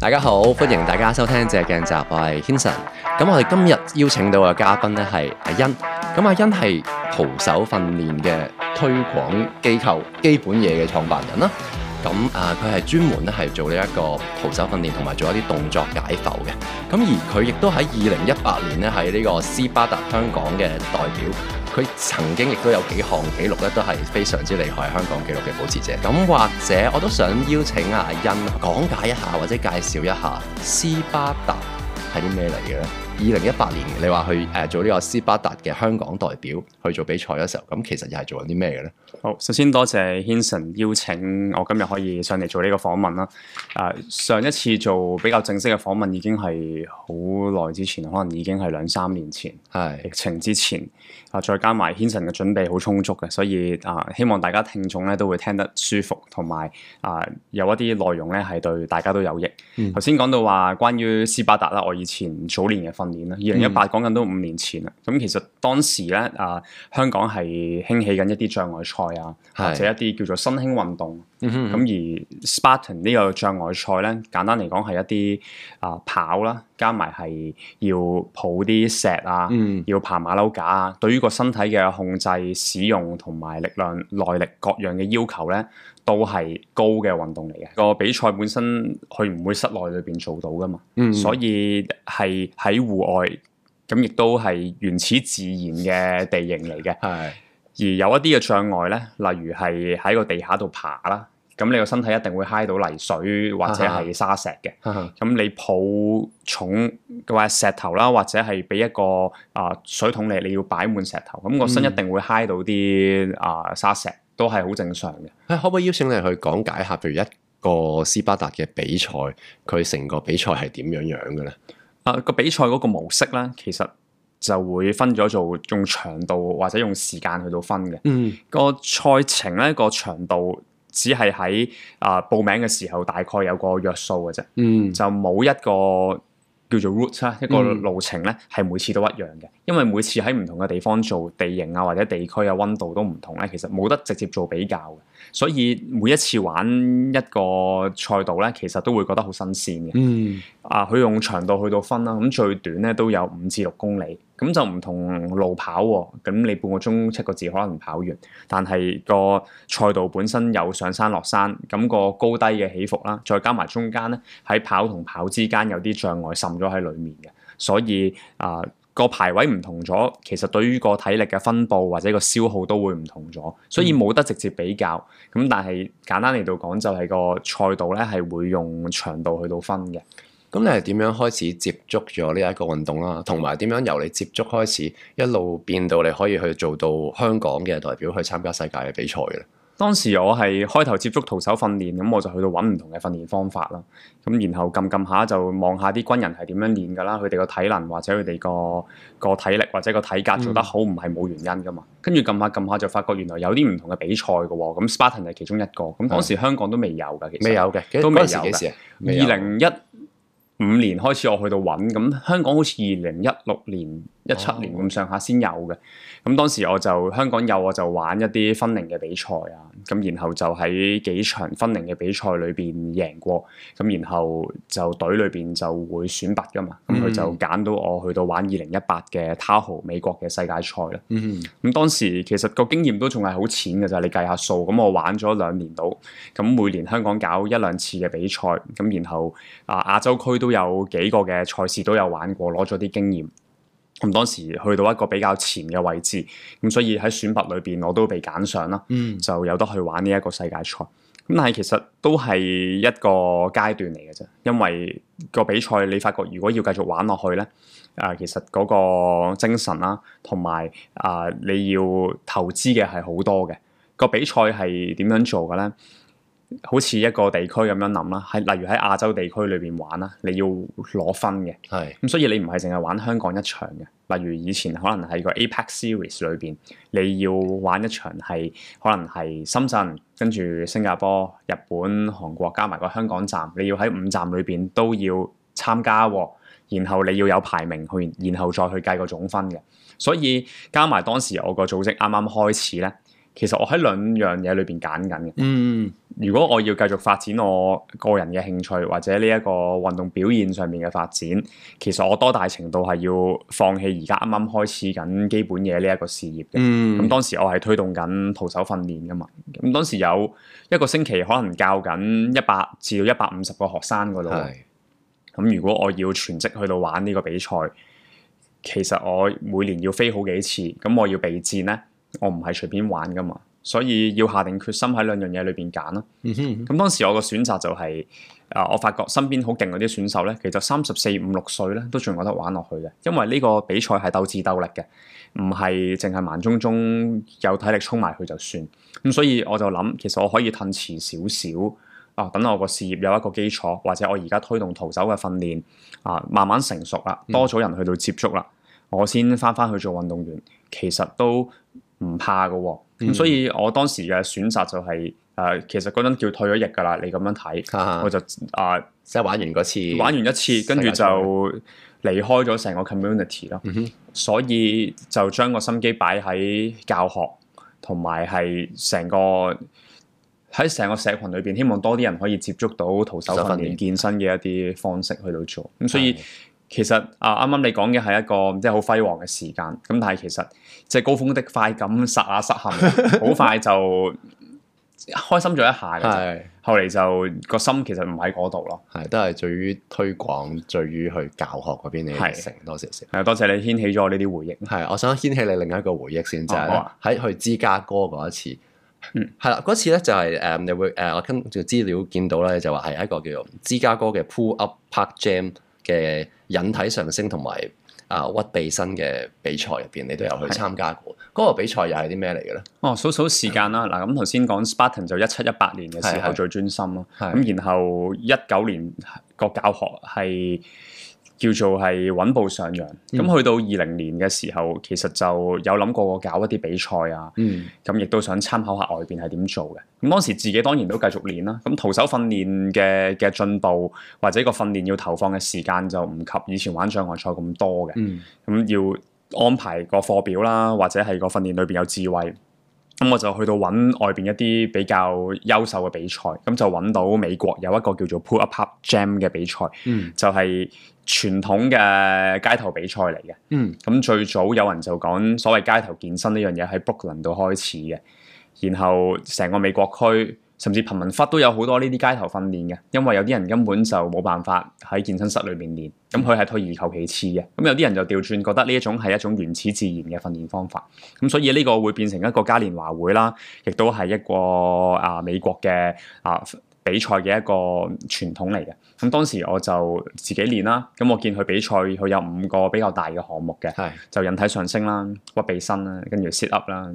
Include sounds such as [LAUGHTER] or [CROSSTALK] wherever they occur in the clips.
大家好，歡迎大家收聽《借鏡集》我，我係 Kinson 咁我哋今日邀請到嘅嘉賓咧係阿恩，咁阿恩係徒手訓練嘅推廣機構肌本野嘅創辦人啦。咁啊，佢係專門咧係做呢一個徒手訓練，同埋做一啲動作解剖嘅。咁而佢亦都喺二零一八年咧係呢個斯巴達香港嘅代表。佢曾經亦都有幾項紀錄咧，都係非常之厲害，香港紀錄嘅保持者。咁或者我都想邀請阿恩講解一下，或者介紹一下斯巴達係啲咩嚟嘅咧？二零一八年你話去誒、呃、做呢個斯巴達嘅香港代表去做比賽嘅時候，咁其實又係做緊啲咩嘅咧？好，首先多謝，謝 Hanson 邀請，我今日可以上嚟做呢個訪問啦。誒、呃，上一次做比較正式嘅訪問已經係好耐之前，可能已經係兩三年前，係的疫情之前。再加埋 Hanson 嘅準備好充足嘅，所以，呃，希望大家聽眾咧都會聽得舒服，同埋有，呃，有一啲內容咧係對大家都有益。頭先講到話關於斯巴達啦，我以前早年嘅訓練啦，二零一八講緊都五年前啦。咁、嗯、其實當時咧啊，香港係興起緊一啲障礙賽啊，是或者一啲叫做新興運動。咁、嗯、哼而 Spartan 呢個障礙賽咧，簡單嚟講係一啲啊跑啦，加埋係要抱啲石啊，嗯、要爬馬騮架啊，對於個身體嘅控制、使用同埋力量、耐力各樣嘅要求咧，都係高嘅運動嚟嘅，個比賽本身佢唔會室內裏邊做到噶嘛，嗯、所以係喺戶外咁，亦都係原始自然嘅地形嚟嘅。係的而有一啲嘅障礙咧，例如係喺個地下度爬啦，咁你個身體一定會嗨到泥水或者係沙石嘅。咁的你抱重或者石頭啦，或者係俾一個啊、呃、水桶嚟，你要擺滿石頭，咁、個身一定會嗨到啲啊、嗯呃、沙石。都係好正常嘅。誒、啊，可唔可以邀請你去講解下，譬如一個斯巴達嘅比賽，佢成個比賽係點樣樣嘅咧？啊，個比賽嗰個模式咧，其實就會分咗做用長度或者用時間去到分嘅。嗯，個賽程咧、個長度只係喺啊報名嘅時候大概有個約數嘅啫。嗯，就冇一個。叫做 route 啦，一個路程咧係每次都一樣嘅，因為每次喺唔同嘅地方做地形啊或者地區啊，溫度都唔同咧，其實冇得直接做比較嘅。所以每一次玩一個賽道咧，其實都會覺得好新鮮嘅。嗯，啊，佢用長度去到分啦，咁最短咧都有五至六公里，咁就唔同路跑喎。咁你半個鐘七個字可能跑完，但係個賽道本身有上山落山，咁個高低嘅起伏啦，再加埋中間咧喺跑同跑之間有啲障礙滲咗喺裡面嘅，所以啊。呃個排位唔同咗，其實對於個體力嘅分佈或者個消耗都會唔同咗，所以冇得直接比較。咁、嗯、但係簡單嚟到講，就係個賽道咧係會用長度去到分嘅。咁你係點樣開始接觸咗呢一個運動啦？同埋點樣由你接觸開始一路變到你可以去做到香港嘅代表去參加世界嘅比賽嘅？當時我係開頭接觸徒手訓練，咁我就去到揾唔同嘅訓練方法啦。咁然後撳撳下就望下啲軍人係點樣練㗎啦，佢哋個體能或者佢哋個個體力或者個體格做得好，唔係冇原因㗎嘛。跟住撳下撳下就發覺原來有啲唔同嘅比賽㗎喎，咁 Spartan 係其中一個。咁當時香港都未有㗎，其實未是有嘅，都未有嘅。二零一五年開始我去到揾，咁香港好似二零一六年。一七年咁上下先有嘅，咁當時我就香港有我就玩一啲分齡嘅比賽啊，咁然後就喺幾場分齡嘅比賽裏邊贏過，咁然後就隊裏邊就會選拔噶嘛，咁佢就揀到我去到玩二零一八嘅 Tahoe 美國嘅世界賽啦。咁當時其實個經驗都仲係好淺㗎咋，就係你計下數，咁我玩咗兩年到，咁每年香港搞一兩次嘅比賽，咁然後啊，亞洲區都有幾個嘅賽事都有玩過，攞咗啲經驗。咁當時去到一個比較前嘅位置，咁所以喺選拔裏邊我都被揀上啦，嗯、就有得去玩呢一個世界賽。咁但係其實都係一個階段嚟嘅啫，因為個比賽你發覺如果要繼續玩落去咧，啊、呃、其實嗰個精神啦、啊，同埋啊你要投資嘅係好多嘅。個比賽係點樣做嘅咧？好似一個地區咁樣諗啦，喺例如喺亞洲地區裏邊玩啦，你要攞分嘅。係咁的、嗯，所以你唔係淨係玩香港一場嘅。例如以前可能喺個 APAC Series 裏邊，你要玩一場係可能係深圳，跟住新加坡、日本、韓國加埋個香港站，你要喺五站裏邊都要參加，然後你要有排名去，然後再去計個總分嘅。所以加埋當時我個組織啱啱開始咧。其實我喺兩樣嘢裏邊揀緊嘅。嗯，如果我要繼續發展我個人嘅興趣或者呢一個運動表現上面嘅發展，其實我多大程度係要放棄而家啱啱開始緊肌本野呢一個事業嘅？咁、嗯、當時我係推動緊徒手訓練㗎嘛。咁當時有一個星期可能教緊一百至到一百五十個學生嗰度。咁的如果我要全職去到玩呢個比賽，其實我每年要飛好幾次，咁我要備戰呢。我唔係隨便玩㗎嘛，所以要下定決心喺兩樣嘢裏邊揀啦。咁、嗯嗯、當時我個選擇就係、是，啊、呃，我發覺身邊好勁嗰啲選手咧，其實三十四五六歲咧都仲有得玩落去嘅，因為呢個比賽係鬥智鬥力嘅，唔係淨係盲中中有體力衝埋去就算。咁、嗯、所以我就諗，其實我可以褪遲少少啊，等我個事業有一個基礎，或者我而家推動徒手嘅訓練啊，慢慢成熟啦，多咗人去到接觸啦，嗯、我先返返去做運動員。其實都～唔怕㗎、哦，咁、嗯、所以我當時嘅選擇就係、是、誒、呃，其實嗰陣叫退咗役噶啦，你咁樣睇，哈哈，我就啊，呃、即係玩完嗰次，玩完一次，跟住就離開咗成個 community 咯，嗯、哼所以就將個心機擺喺教學同埋係成個喺成個社群裏邊，希望多啲人可以接觸到徒手訓練健身嘅一啲方式去到做，咁、嗯嗯、所以。其實啊，啱啱你講嘅係一個即係好輝煌嘅時間咁，但係其實即係高峰的快感失失，霎下失憾，好快就開心咗一下。係的後嚟就個心其實唔喺嗰度咯。係都係在於推廣，在於去教學嗰邊嘅成多少少，多謝你掀起咗我呢啲回憶。係，我想掀起你另一個回憶先，就係喺去芝加哥嗰一次。嗯，係啦，嗰次咧就係、是、誒，你會誒我跟住資料見到咧，就話係一個叫做芝加哥嘅 pull up park jam。嘅引體上升同埋啊屈臂身嘅比賽入邊，你都有去參加過。嗰的個比賽又係啲咩嚟嘅咧？哦，數數時間啦。嗱的，咁頭先講 Spartan 就一七一八年嘅時候最專心咯。咁的然後一九年個教學係。叫做係穩步上揚。咁、嗯、去到二零年嘅時候，其實就有諗過搞一啲比賽啊。咁亦、嗯、都想參考下外邊係點做嘅。咁當時自己當然都繼續練啦、啊。咁徒手訓練嘅嘅進步或者個訓練要投放嘅時間就唔及以前玩障礙賽咁多嘅。咁、嗯、要安排個課表啦，或者係個訓練裏邊有智慧。咁我就去到揾外邊一啲比較優秀嘅比賽，咁就揾到美國有一個叫做 Pull Up Jam 嘅比賽，嗯、就係、是。傳統嘅街頭比賽嚟嘅，咁、嗯、最早有人就講所謂街頭健身呢樣嘢喺布魯克林度開始嘅，然後成個美國區甚至貧民窟都有好多呢啲街頭訓練嘅，因為有啲人根本就冇辦法喺健身室裏面練，咁佢係退而求其次嘅，咁有啲人就調轉覺得呢一種係一種原始自然嘅訓練方法，咁所以呢個會變成一個嘉年華會啦，亦都係一個啊美國嘅啊，比賽嘅一個傳統嚟嘅，咁當時我就自己練啦。咁我見佢比賽，佢有五個比較大嘅項目嘅，是就引體上升啦、屈臂伸啦、跟住 sit up 啦、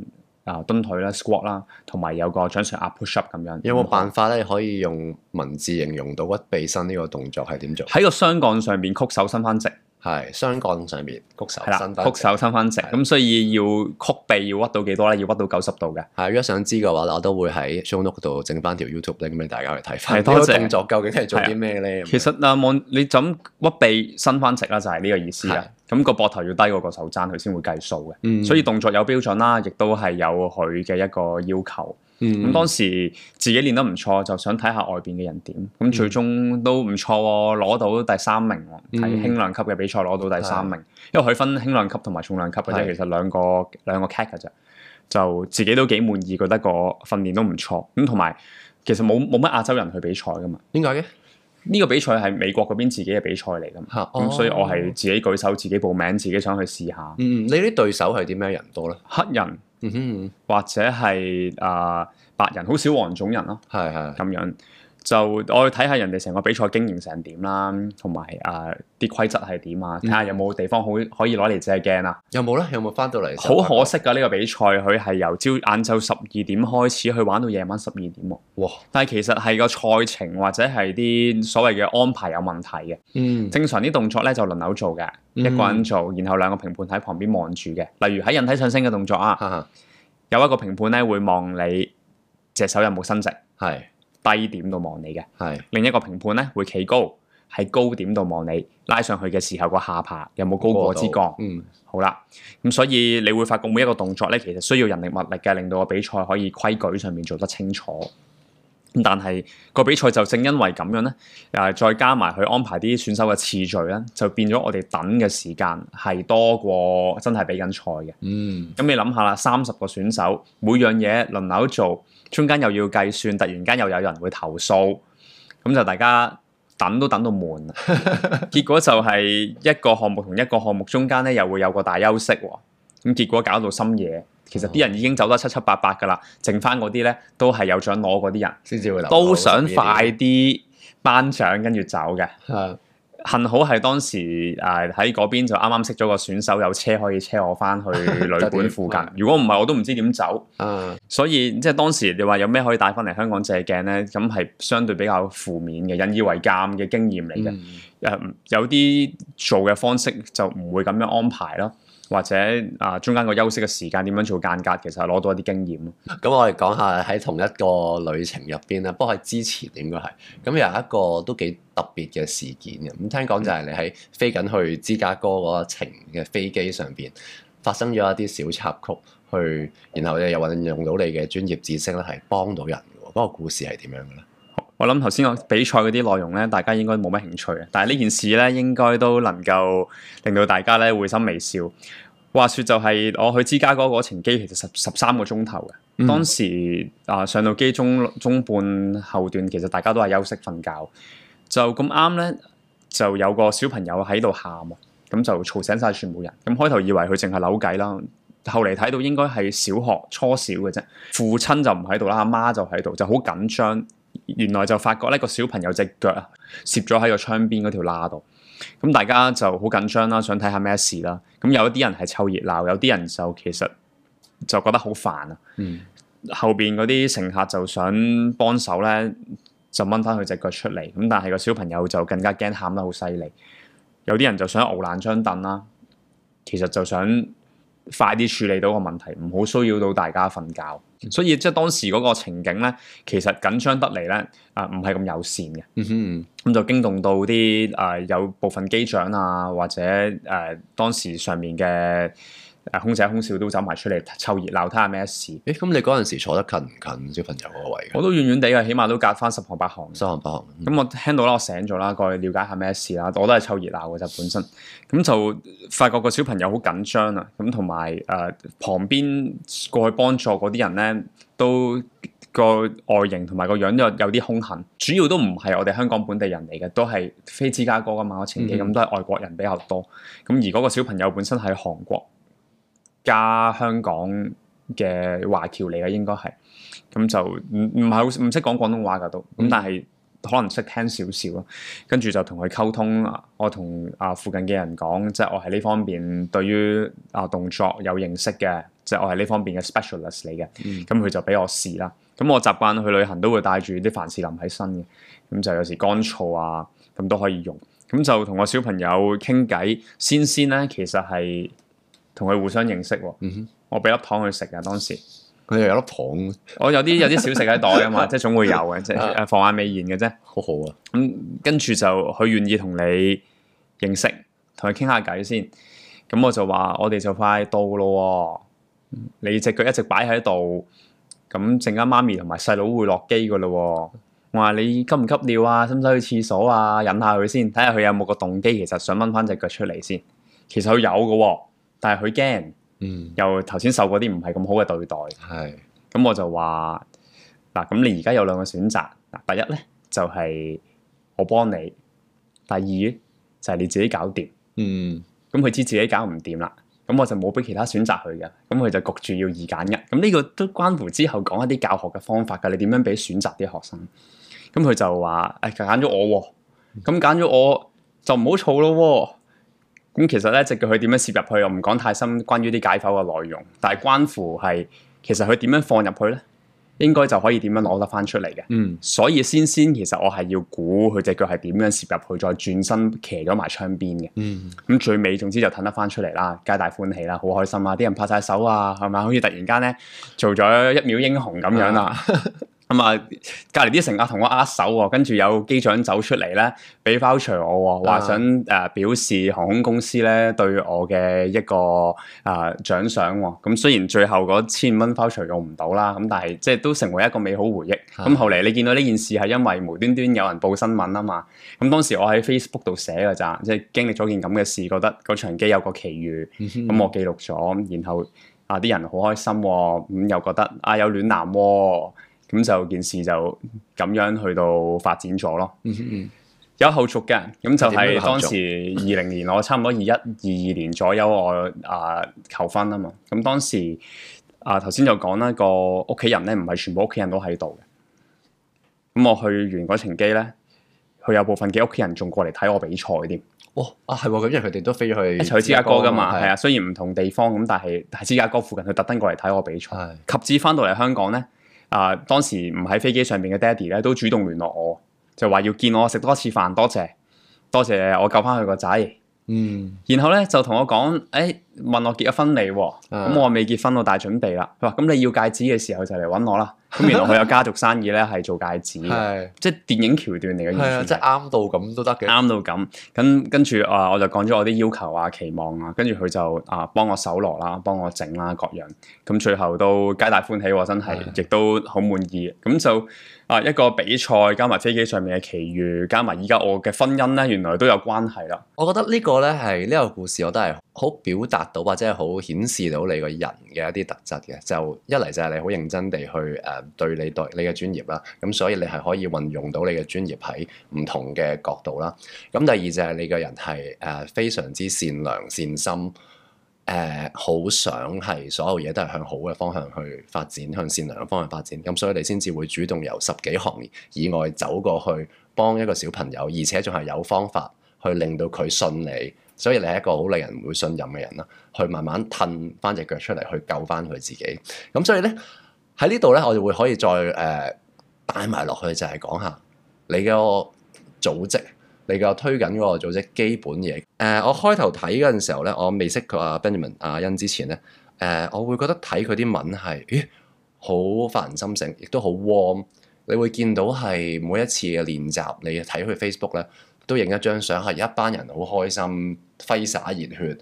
呃、啊蹲腿啦、squat 啦，同埋有個掌上壓 push up 咁樣。有冇辦法咧，可以用文字形容到屈臂伸呢個動作係點做？喺個雙槓上邊曲手伸翻直。係雙槓上面屈手伸，屈手伸翻直，咁的所以要曲臂要屈到幾多咧？要屈到九十度嘅。係如果想知嘅話，我都會喺 show note 度整翻條 YouTube 咧，俾大家去睇翻。多謝。咁動作究竟係做啲咩咧？其實啊，望的你就咁屈臂伸翻直啦，就係呢個意思啦。咁個膊頭要低過個手踭，佢先會計數嘅。嗯。所以動作有標準啦，亦都係有佢嘅一個要求。咁、嗯、當時自己練得唔錯，就想睇下外邊嘅人點。咁最終都唔錯喎，攞到第三名喎。喺輕量級嘅比賽攞到第三名，因為佢分輕量級同埋重量級嘅，即係其實兩個兩個 cat 㗎啫。就自己都幾滿意，覺得個訓練都唔錯。咁同埋其實冇冇乜亞洲人去比賽㗎嘛？點解嘅？呢個比賽係美國嗰邊自己嘅比賽嚟㗎嘛。咁、啊、所以我係自己舉手、自己報名、自己想去試下。嗯，你啲對手係點樣人多咧？黑人。嗯哼，嗯或者係啊、呃、白人，好少黃種人咯，係係咁樣。就我去睇下人哋成個比賽經營成點啦、啊，同埋啊啲規則係點啊，睇下有冇地方好可以攞嚟借鏡啊。有冇咧？有冇翻到嚟？好可惜㗎，呢、呢個比賽佢係由朝晏晝十二點開始，去玩到夜晚十二點喎。哇但係其實係個賽程或者係啲所謂嘅安排有問題嘅。嗯。正常啲動作咧就輪流做嘅，嗯、一個人做，然後兩個評判喺旁邊望住嘅。例如喺引體上升嘅動作啊，哈哈有一個評判咧會望你隻手有冇伸直。係。低點度望你嘅，係是的 另一個評判咧會企高喺高點度望你拉上去嘅時候個下巴，有冇高過支槓？嗯？嗯，好啦，咁所以你會發覺每一個動作咧，其實需要人力物力嘅，令到個比賽可以規矩上面做得清楚。咁但係，個比賽就正因為咁樣咧，又、呃、再加埋佢安排啲選手嘅次序咧，就變咗我哋等嘅時間係多過真係比緊賽嘅。嗯想想，咁你諗下啦，三十個選手每樣嘢輪流做。中間又要計算，突然間又有人會投訴，咁就大家等都等到悶。 [LAUGHS] 結果就係一個項目同一個項目中間咧，又會有個大休息喎。咁結果搞到深夜，其實啲人已經走得七七八八㗎啦，剩翻嗰啲咧都係有獎攞嗰啲人，先至會留。都想快啲頒獎跟住走嘅。 [LAUGHS] 幸好係當時誒喺嗰邊就啱啱識咗個選手，有車可以車我翻去旅館附近。 [LAUGHS] [LAUGHS] 如果唔係，我都唔知點走。啊、所以即係當時你話有咩可以帶翻嚟香港借鏡咧，咁係相對比較負面嘅，引以為鑑嘅經驗嚟嘅。誒、嗯呃、有啲做嘅方式就唔會咁樣安排咯。或者啊，中間個休息嘅時間點樣做間隔，其實攞到一啲經驗咯。咁我哋講下喺同一個旅程入邊咧，不過係之前應該係咁有一個都幾特別嘅事件嘅。咁聽講就係你喺飛緊去芝加哥嗰程嘅飛機上邊發生咗一啲小插曲去，去然後又運用到你嘅專業知識咧，係幫到人嘅。嗰個故事係點樣嘅咧？我諗頭先講比賽嗰啲內容咧，大家應該冇乜興趣嘅，但係呢件事咧應該都能夠令到大家咧會心微笑。話説就係我去芝加哥嗰程機，其實十十三個鐘頭嘅。嗯、當時啊、呃，上到機中中半後段，其實大家都係休息瞓覺，就咁啱咧，就有個小朋友喺度喊啊，咁就嘈醒晒全部人。咁開頭以為佢淨係扭計啦，後嚟睇到應該係小學初小嘅啫，父親就唔喺度啦，阿媽就喺度，就好緊張。原來就發覺呢、呢個小朋友隻腳啊，攝咗喺個窗邊嗰條罅度。咁大家就好緊張啦，想睇下咩事啦。咁有一啲人係湊熱鬧，有啲人就其實就覺得好煩啊。嗯、後邊嗰啲乘客就想幫手咧，就掹返佢隻腳出嚟。咁但係個小朋友就更加驚，喊得好犀利。有啲人就想拗爛張凳啦，其實就想快啲處理到個問題，唔好騷擾到大家瞓覺。所以即係當時嗰個情景咧，其實緊張得嚟咧，啊唔係咁友善嘅，咁、嗯哼、就驚動到啲誒、呃、有部分機長啊，或者誒、呃、當時上面嘅。誒，空姐空少都走埋出嚟湊熱鬧睇下咩事？誒，咁你嗰陣時坐得近唔近小朋友嗰位？我都遠遠地啊，起碼都隔翻十,十行八行。十行八行。咁我聽到啦，我醒咗啦，過去了解下咩事啦。我都係湊熱鬧嘅就本身。咁就發覺個小朋友好緊張啊。咁同埋誒旁邊過去幫助嗰啲人咧，都個外形同埋個樣都有啲兇狠。主要都唔係我哋香港本地人嚟嘅，都係飛芝加哥嘅嘛。我前幾咁、嗯、都係外國人比較多。咁而嗰個小朋友本身喺韓國。加香港嘅華僑嚟嘅應該係，咁就唔唔係好唔識講廣東話㗎都。咁但係可能識聽少少咯。跟住就同佢溝通，我同啊附近嘅人講，即係我係呢方面對於啊動作有認識嘅，即係我係呢方面嘅 specialist 嚟嘅。咁佢、嗯、就俾我試啦。咁我習慣去旅行都會帶住啲凡士林喺身嘅，咁就有時乾燥啊，咁都可以用。咁就同我小朋友傾偈，先先咧，其實係。同佢互相認識喎、哦，嗯、哼我俾粒糖佢食啊。當時佢又有粒糖，我有啲有啲小食喺袋啊嘛， [LAUGHS] 即係總會有嘅，即係防患未然嘅啫。好好啊，咁、嗯、跟住就佢願意同你認識，同佢傾下偈先。咁、嗯、我就話：我哋就快到咯、哦。嗯、你隻腳一直擺喺度，咁陣間媽咪同埋細佬會落機噶啦、哦。我話你急唔急尿啊？使唔使去廁所啊？忍下佢先，睇下佢有冇個動機，其實想掹翻隻腳出嚟先。其實佢有嘅。但係佢驚，又頭先受過啲唔係咁好嘅對待。係咁我就話嗱，咁你而家有兩個選擇。嗱，第一咧就係我幫你，第二呢就係你自己搞掂。嗯，咁佢知自己搞唔掂啦，咁我就冇俾其他選擇佢嘅，咁佢就焗住要二揀一。咁呢個都關乎之後講一啲教學嘅方法㗎，你點樣俾選擇啲學生？咁佢就話誒揀咗我，咁揀咗我就唔好嘈咯喎。咁其實咧，隻腳佢點樣攝入去，我唔講太深。關於啲解剖嘅內容，但係關乎係其實佢點樣放入去咧，應該就可以點樣攞得翻出嚟嘅。嗯，所以先先其實我係要估佢隻腳係點樣攝入去，再轉身騎咗埋窗邊嘅。嗯，咁最尾總之就褪得翻出嚟啦，皆大歡喜啦，好開心啊！啲人拍晒手啊，係咪好似突然間咧做咗一秒英雄咁樣啊！ [LAUGHS] 咁啊，隔籬啲乘客同我握手喎，跟住有機長走出嚟咧，俾 voucher 我，哦，話、啊、想誒、呃、表示航空公司咧對我嘅一個誒獎、呃、賞、哦。咁雖然最後嗰千蚊 voucher 用唔到啦，咁但係即係都成為一個美好回憶。咁的 cui 後嚟你見到呢件事係因為無端端有人報新聞啊嘛。咁當時我喺 Facebook 度寫噶咋，即係經歷咗件咁嘅事，覺得個場機有個奇遇，咁我記錄咗，然後啊啲人好開心，咁又覺得啊有暖男。啊啊咁就件事就咁樣去到發展咗咯，嗯嗯、有後續嘅。咁就係當時二零年，我差唔多二一、二二年左右，我啊求婚啊嘛。咁當時啊頭先就講啦，個屋企人咧唔係全部屋企人都喺度嘅。咁我去完嗰程機咧，佢有部分嘅屋企人仲過嚟睇我比賽添。哦，啊係，咁因為佢哋都飛去一齊去芝加哥噶嘛，係啊的。雖然唔同地方咁，但係喺芝加哥附近，佢特登過嚟睇我比賽。的及至翻到嚟香港咧。啊！當時唔喺飛機上面嘅爹哋咧，都主動聯絡我，就話要見我食多次飯，多謝多謝我救翻佢個仔。嗯，然後咧就同我講，誒、哎。問我結咗婚未？咁我未結婚，我大準備啦。佢話咁你要戒指嘅時候就嚟揾我啦。咁原來佢有家族生意咧，係做戒指， [LAUGHS] 即係電影橋段嚟嘅。係啊，即係啱到咁都得嘅，啱到咁。咁跟住啊，我就講咗我啲要求啊、期望啊。跟住佢就啊，幫我搜羅啦，幫我整啦各樣。咁最後都皆大歡喜，我真係亦的都好滿意。咁就啊，一個比賽加埋飛機上面嘅奇遇，加埋依家我嘅婚姻咧，原來都有關係啦。我覺得呢個咧係呢個故事我，我都係。好表達到或者係好顯示到你個人嘅一啲特質嘅，就一嚟就係你好認真地去誒、呃、對你對你嘅專業啦，咁所以你係可以運用到你嘅專業喺唔同嘅角度啦。咁第二就係你個人係誒、呃、非常之善良善心，誒、呃、好想係所有嘢都係向好嘅方向去發展，向善良嘅方向發展。咁所以你先至會主動由十幾行以外走過去幫一個小朋友，而且仲係有方法去令到佢信你。所以你係一個好令人唔會信任嘅人啦，去慢慢褪翻隻腳出嚟去救翻佢自己。咁所以咧喺呢度咧，我哋會可以再誒、呃、帶埋落去，就係講下你嘅組織，你嘅推緊嗰個組織基本嘢。誒、呃，我開頭睇嗰陣時候咧，我未識佢阿 Benjamin 阿、啊、恩之前咧，誒、呃，我會覺得睇佢啲文係咦好發人深省，亦都好 warm。你會見到係每一次嘅練習，你睇佢 Facebook 咧。都影一張相，係一班人好開心，揮灑熱血，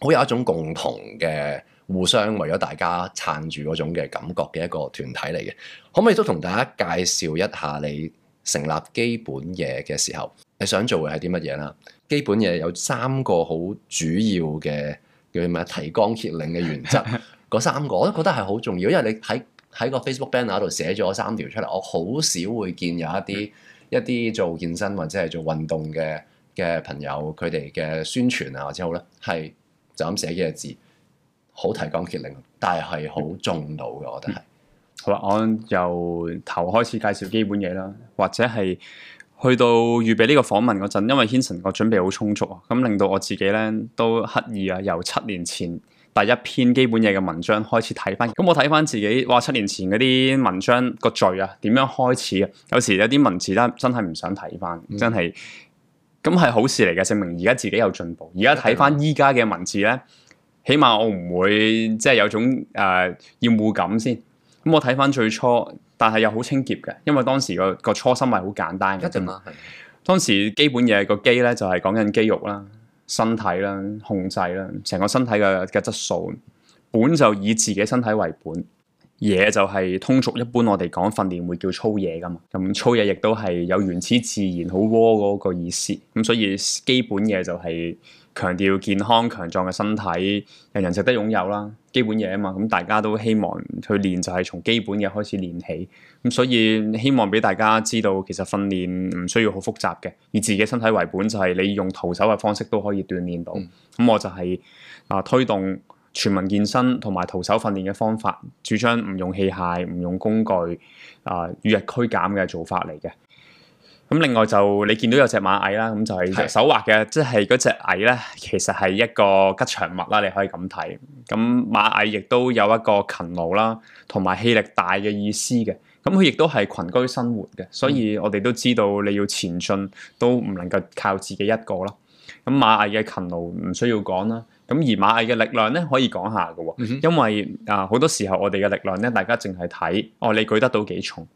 好有一種共同嘅互相為咗大家撐住嗰種嘅感覺嘅一個團體嚟嘅。可唔可以都同大家介紹一下你成立肌本野嘅時候，你想做嘅係啲乜嘢啦？肌本野有三個好主要嘅叫咩？提綱挈領嘅原則，嗰 [LAUGHS] 三個我都覺得係好重要，因為你喺喺個 Facebook banner 度寫咗三條出嚟，我好少會見有一啲。嗯一啲做健身或者係做運動嘅嘅朋友，佢哋嘅宣傳啊或者好咧，係就咁寫幾個字，好提綱挈領，但係係好重到嘅，我覺得係。好啦，我由頭開始介紹基本嘢啦或者係去到預備呢個訪問嗰陣，因為 Hanson 嘅準備好充足啊，咁、嗯、令到我自己咧都刻意啊，由七年前。第一篇肌本野嘅文章開始睇翻，咁我睇翻自己，哇，七年前嗰啲文章個序啊，點樣開始啊？有時有啲文字咧真係唔想睇翻，嗯、真係咁係好事嚟嘅，證明而家自己有進步。而家睇翻依家嘅文字咧，嗯、起碼我唔會即係、就是、有種誒厭惡感先。咁我睇翻最初，但係又好清潔嘅，因為當時個個初心係好簡單嘅。一定啦，係當時肌本野個肌咧就係、是、講緊肌肉啦。身體啦，控制啦，成個身體嘅嘅質素，本就以自己身體為本，野就係通俗一般我哋講訓練會叫粗野㗎嘛。咁粗野亦都係有原始自然好喎嗰個意思咁、嗯，所以基本嘢就係、是。強調健康強壯嘅身體，人人值得擁有啦，基本嘢啊嘛，咁、嗯、大家都希望去練就係從基本嘢開始練起，咁、嗯、所以希望俾大家知道，其實訓練唔需要好複雜嘅，以自己身體為本就係你用徒手嘅方式都可以鍛煉到，咁、嗯嗯、我就係、是、啊推動全民健身同埋徒手訓練嘅方法，主張唔用器械、唔用工具啊，與日俱減嘅做法嚟嘅。咁另外就你見到有隻螞蟻啦，咁就係手畫嘅，的即係嗰隻蟻咧，其實係一個吉祥物啦。你可以咁睇，咁螞蟻亦都有一個勤勞啦，同埋氣力大嘅意思嘅。咁佢亦都係群居生活嘅，所以我哋都知道你要前進都唔能夠靠自己一個咯。咁螞蟻嘅勤勞唔需要講啦。咁而螞蟻嘅力量咧可以講下㗎，嗯、哼因為啊呃、好多時候我哋嘅力量咧，大家淨係睇哦，你舉得到幾重？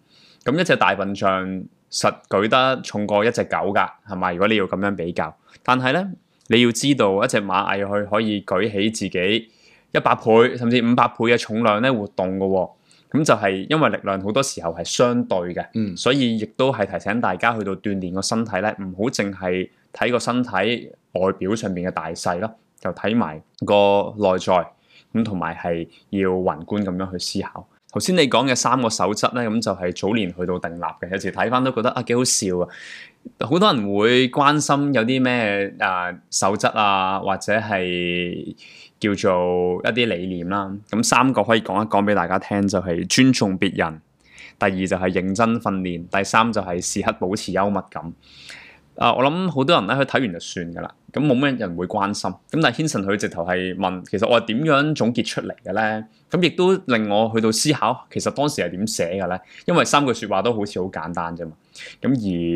咁一隻大笨象。實舉得重過一隻狗㗎，係嘛？如果你要咁樣比較，但係咧，你要知道一隻螞蟻去可，可以舉起自己一百倍甚至五百倍嘅重量咧活動嘅、哦，咁就係因為力量好多時候係相對嘅，嗯、所以亦都係提醒大家去到鍛鍊身呢個身體咧，唔好淨係睇個身體外表上面嘅大細咯，就睇埋個內在，咁同埋係要宏觀咁樣去思考。頭先你講嘅三個守則咧，咁就係早年去到定立嘅，有時睇翻都覺得啊，幾好笑啊！好多人會關心有啲咩啊守則啊，或者係叫做一啲理念啦。咁三個可以講一講俾大家聽，就係尊重別人，第二就係認真訓練，第三就係時刻保持幽默感。啊，我諗好多人咧，佢睇完就算噶啦。咁冇咩人會關心，咁但係 Hanson 佢直頭係問，其實我係點樣總結出嚟嘅咧？咁亦都令我去到思考，其實當時係點寫嘅咧？因為三句説話都好似好簡單啫嘛。咁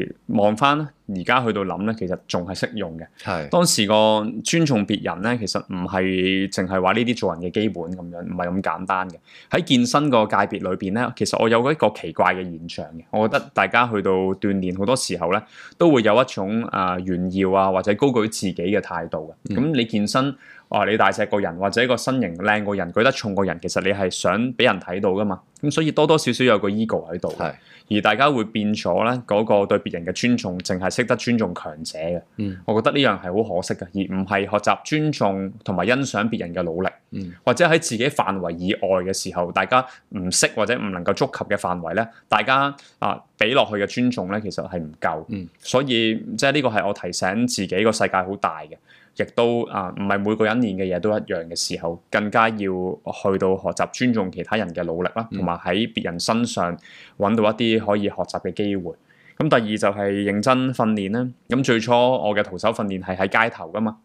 而望翻而家去到諗咧，其實仲係適用嘅。係是當時個尊重別人咧，其實唔係淨係話呢啲做人嘅基本咁樣，唔係咁簡單嘅。喺健身個界別裏邊咧，其實我有一個奇怪嘅現象嘅。我覺得大家去到鍛鍊好多時候咧，都會有一種啊、呃、炫耀啊或者高舉自自己嘅態度嘅，咁、嗯、你健身。話、啊、你大隻個人，或者個身形靚個人，舉得重個人，其實你係想俾人睇到噶嘛？咁所以多多少少有個 ego 喺度。的而大家會變咗咧，嗰、那個對別人嘅尊重，淨係識得尊重強者嘅。嗯、我覺得呢樣係好可惜嘅，而唔係學習尊重同埋欣賞別人嘅努力。嗯、或者喺自己範圍以外嘅時候，大家唔識或者唔能夠觸及嘅範圍咧，大家啊俾落去嘅尊重咧，其實係唔夠。嗯、所以即係呢個係我提醒自己，個世界好大嘅。亦都啊，唔係每個人練嘅嘢都一樣嘅時候，更加要去到學習尊重其他人嘅努力啦，同埋喺別人身上揾到一啲可以學習嘅機會。咁第二就係認真訓練啦。咁最初我嘅徒手訓練係喺街頭噶嘛。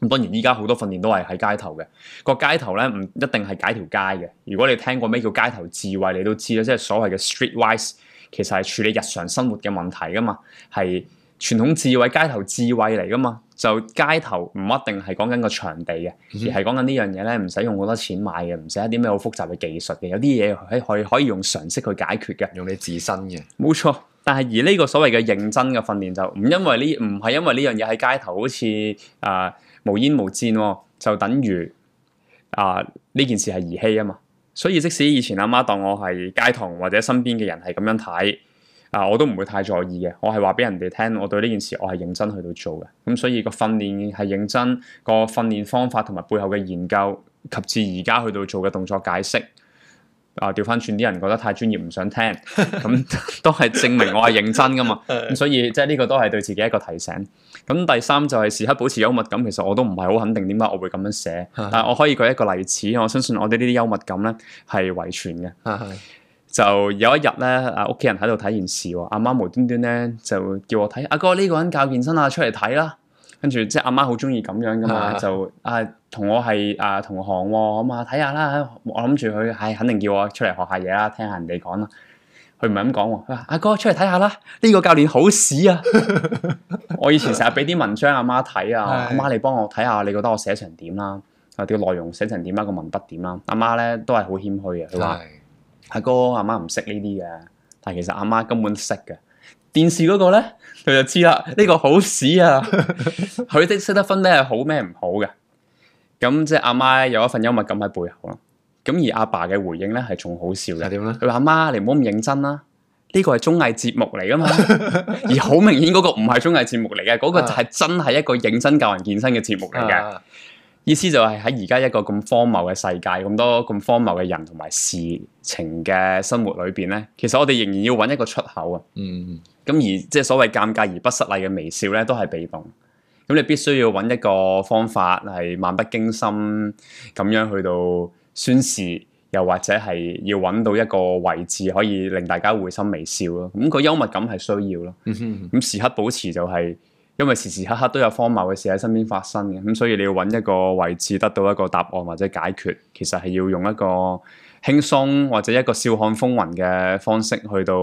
咁當然依家好多訓練都係喺街頭嘅。個街頭咧，唔一定係解條街嘅。如果你聽過咩叫街頭智慧，你都知啦，即係所謂嘅 streetwise，其實係處理日常生活嘅問題噶嘛，係傳統智慧、街頭智慧嚟噶嘛。就街頭唔一定係講緊個場地嘅，嗯、哼而係講緊呢樣嘢咧，唔使用好多錢買嘅，唔使一啲咩好複雜嘅技術嘅，有啲嘢係可以可以，可以用常識去解決嘅。用你自身嘅。冇錯，但係而呢個所謂嘅認真嘅訓練就唔因為呢，唔係因為呢樣嘢喺街頭好似啊、呃、無煙無戰、哦，就等於啊呢、呃、件事係兒戲啊嘛。所以即使以前阿媽、媽當我係街童或者身邊嘅人係咁樣睇。啊！我都唔會太在意嘅，我係話俾人哋聽，我對呢件事我係認真去到做嘅。咁所以個訓練係認真，個訓練方法同埋背後嘅研究，及至而家去到做嘅動作解釋，啊，調翻轉啲人覺得太專業唔想聽，咁都係證明我係認真㗎嘛。咁所以即係呢個都係對自己一個提醒。咁第三就係時刻保持幽默感。其實我都唔係好肯定點解我會咁樣寫， [LAUGHS] 但係我可以舉一個例子。我相信我哋呢啲幽默感咧係遺傳嘅。啊，係。 [LAUGHS] 就有一日咧，阿屋企人喺度睇電視喎，阿媽無端端咧就叫我睇，阿哥呢個人教健身啊，出嚟睇啦。跟住即係阿媽好中意咁樣噶嘛，就啊同我係啊同行咁啊，睇下啦。我諗住佢唉，肯定叫我出嚟學下嘢啦，啊，聽下人哋講啦。佢唔係咁講喎，阿哥出嚟睇下啦，呢個教練好屎啊！ [LAUGHS] [LAUGHS] 我以前成日俾啲文章阿媽睇啊，阿媽你幫我睇下，你覺得我寫成點啦？啊啲內容寫成點啊，個文筆點啦，啊？阿媽咧都係好謙虛嘅，佢話。阿哥阿媽唔識呢啲嘅，但其實阿媽根本識嘅。電視嗰個咧，佢就知啦。呢個好屎啊！佢 [LAUGHS] 哋識得分咩係好咩唔好嘅。咁即係阿媽有一份幽默感喺背後咯。咁而阿爸嘅回應咧係仲好笑嘅。點咧？佢話阿媽你唔好咁認真啦，呢個係綜藝節目嚟噶嘛。 [LAUGHS] 而好明顯嗰個唔係綜藝節目嚟嘅，嗰個就係真係一個認真教人健身嘅節目嚟嘅。 [LAUGHS] [LAUGHS] 意思就係喺而家一個咁荒謬嘅世界，咁多咁荒謬嘅人同埋事情嘅生活裏邊咧，其實我哋仍然要揾一個出口啊。嗯、mm，咁、hmm. 而即係所謂尷尬而不失禮嘅微笑咧，都係被動。咁你必須要揾一個方法係漫不經心咁樣去到宣示，又或者係要揾到一個位置可以令大家會心微笑咯。咁個幽默感係需要咯。嗯，咁時刻保持就係。因為時時刻刻都有荒謬嘅事喺身邊發生嘅，咁所以你要揾一個位置得到一個答案或者解決，其實係要用一個輕鬆或者一個笑看風雲嘅方式去到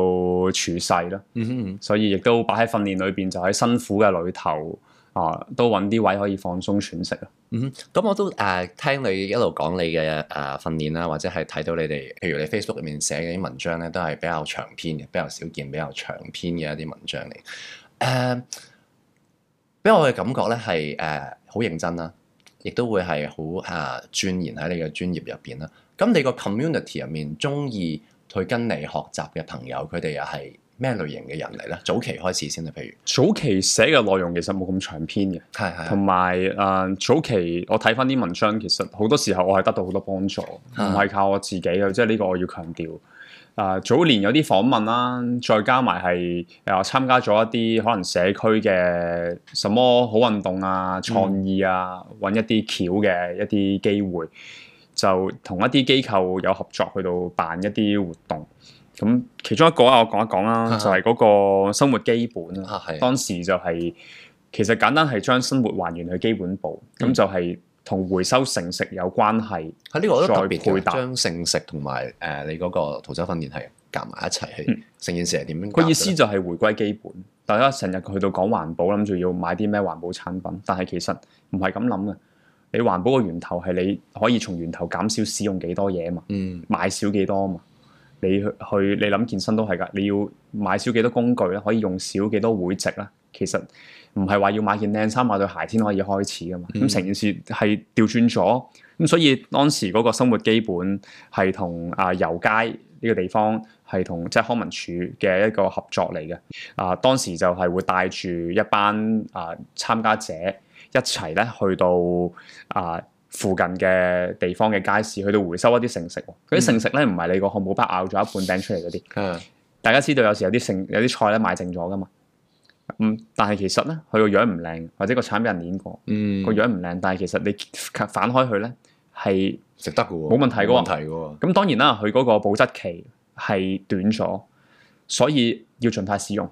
處世咯。嗯哼，所以亦都擺喺訓練裏邊，就喺辛苦嘅旅途啊，都揾啲位可以放鬆喘息啊。咁、嗯、我都誒、uh, 聽你一路講你嘅誒訓練啦，或者係睇到你哋，譬如你 Facebook 入面寫嘅啲文章呢，都係比較長篇嘅，比較少見比較長篇嘅一啲文章嚟，誒。Uh, 俾我嘅感覺咧係誒好認真啦，亦都會係好誒鑽研喺你嘅專業入邊啦。咁你個 community 入面中意去跟你學習嘅朋友，佢哋又係咩類型嘅人嚟咧？早期開始先啦，譬如早期寫嘅內容其實冇咁長篇嘅，係係是。同埋誒早期我睇翻啲文章，其實好多時候我係得到好多幫助，唔係靠我自己嘅，是的 即係呢個我要強調。啊，早年有啲訪問啦、啊，再加埋係啊參加咗一啲可能社區嘅什麼好運動啊、創意啊，搵、嗯、一啲橋嘅一啲機會，就同一啲機構有合作去到辦一啲活動。咁其中一個啊，我講一講啦，就係嗰個生活基本啦。是是當時就係、是、其實簡單係將生活還原去基本步，咁、嗯、就係、是。同回收剩食有關係，喺呢個我都特別將剩食同埋誒你嗰個徒手訓練係夾埋一齊去成、嗯、件事係點樣？佢意思就係回歸基本，大家成日去到講環保，諗住要買啲咩環保產品，但係其實唔係咁諗嘅。你環保嘅源頭係你可以從源頭減少使用幾多嘢啊嘛，嗯、買少幾多啊嘛，你去去你諗健身都係㗎，你要買少幾多工具咧，可以用少幾多會籍啦，其實。唔係話要買件靚衫，買對鞋先可以開始噶嘛？咁成、嗯、件事係調轉咗，咁所以當時嗰個生活基本係同啊遊街呢個地方係同即康文署嘅一個合作嚟嘅。啊、呃，當時就係會帶住一班啊參加者一齊咧去到啊、呃、附近嘅地方嘅街市，去到回收一啲剩食。嗰啲剩食咧唔係你個漢堡包咬咗一半頂出嚟嗰啲。嗯、大家知道有時有啲剩有啲菜咧賣剩咗噶嘛？嗯，但係其實咧，佢個樣唔靚，或者個產俾人捏過，個、嗯、樣唔靚。但係其實你反開佢咧，係值得嘅，冇問題嘅。咁、嗯、當然啦，佢嗰個保質期係短咗，所以要盡快使用。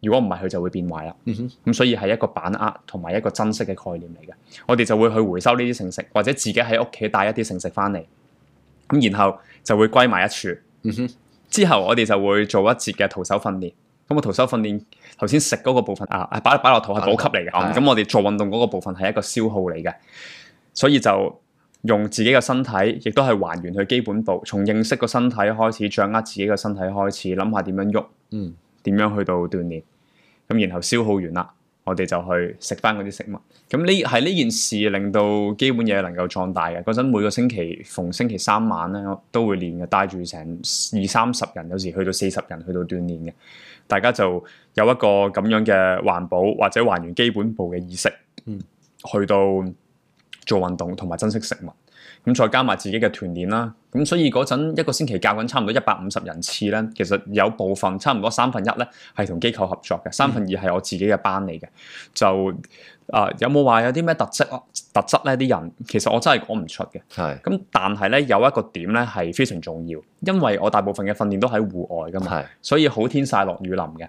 如果唔係，佢就會變壞啦。咁、嗯哼嗯、所以係一個把握同埋一個珍惜嘅概念嚟嘅。我哋就會去回收呢啲剩食，或者自己喺屋企帶一啲剩食翻嚟。咁、嗯、然後就會歸埋一處。嗯、哼之後我哋就會做一節嘅徒手訓練。咁我徒手訓練，頭先食嗰個部分啊，擺落擺落肚係補給嚟嘅。咁、嗯、我哋做運動嗰個部分係一個消耗嚟嘅，所以就用自己嘅身體，亦都係還原佢基本步。從認識個身體開始，掌握自己嘅身體開始，諗下點樣喐，點、嗯、樣去到鍛煉。咁然後消耗完啦。我哋就去食翻嗰啲食物，咁呢係呢件事令到肌本野能夠壯大嘅。嗰陣每個星期逢星期三晚咧都會練嘅，帶住成二三十人，有時去到四十人去到鍛煉嘅。大家就有一個咁樣嘅環保或者還原基本步嘅意識，去到做運動同埋珍惜食物。咁再加埋自己嘅團練啦，咁所以嗰陣一個星期教緊差唔多一百五十人次咧，其實有部分差唔多三分一咧係同機構合作嘅，三分二係我自己嘅班嚟嘅。嗯、就啊、呃，有冇話有啲咩特質啊？特質咧啲人，其實我真係講唔出嘅。係是。咁但係咧有一個點咧係非常重要，因為我大部分嘅訓練都喺戶外㗎嘛，是所以好天曬落雨淋嘅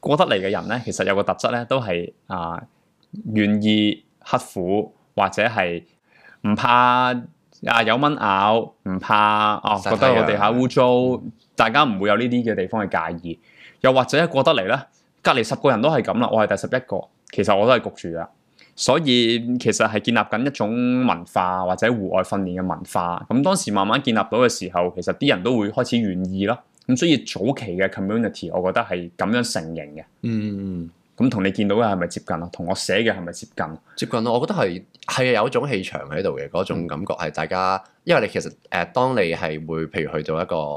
過得嚟嘅人咧，其實有個特質咧都係啊願意刻苦或者係唔怕。啊！有蚊咬唔怕哦，覺得我地下污糟，嗯、大家唔會有呢啲嘅地方去介意。又或者過得嚟咧，隔離十個人都係咁啦，我係第十一個，其實我都係焗住啦。所以其實係建立緊一種文化或者戶外訓練嘅文化。咁當時慢慢建立到嘅時候，其實啲人都會開始願意咯。咁所以早期嘅 community，我覺得係咁樣成型嘅。嗯。咁同你見到嘅係咪接近啊？同我寫嘅係咪接近？接近咯，我覺得係係有一種氣場喺度嘅嗰種感覺，係大家因為你其實誒、呃，當你係會譬如去到一個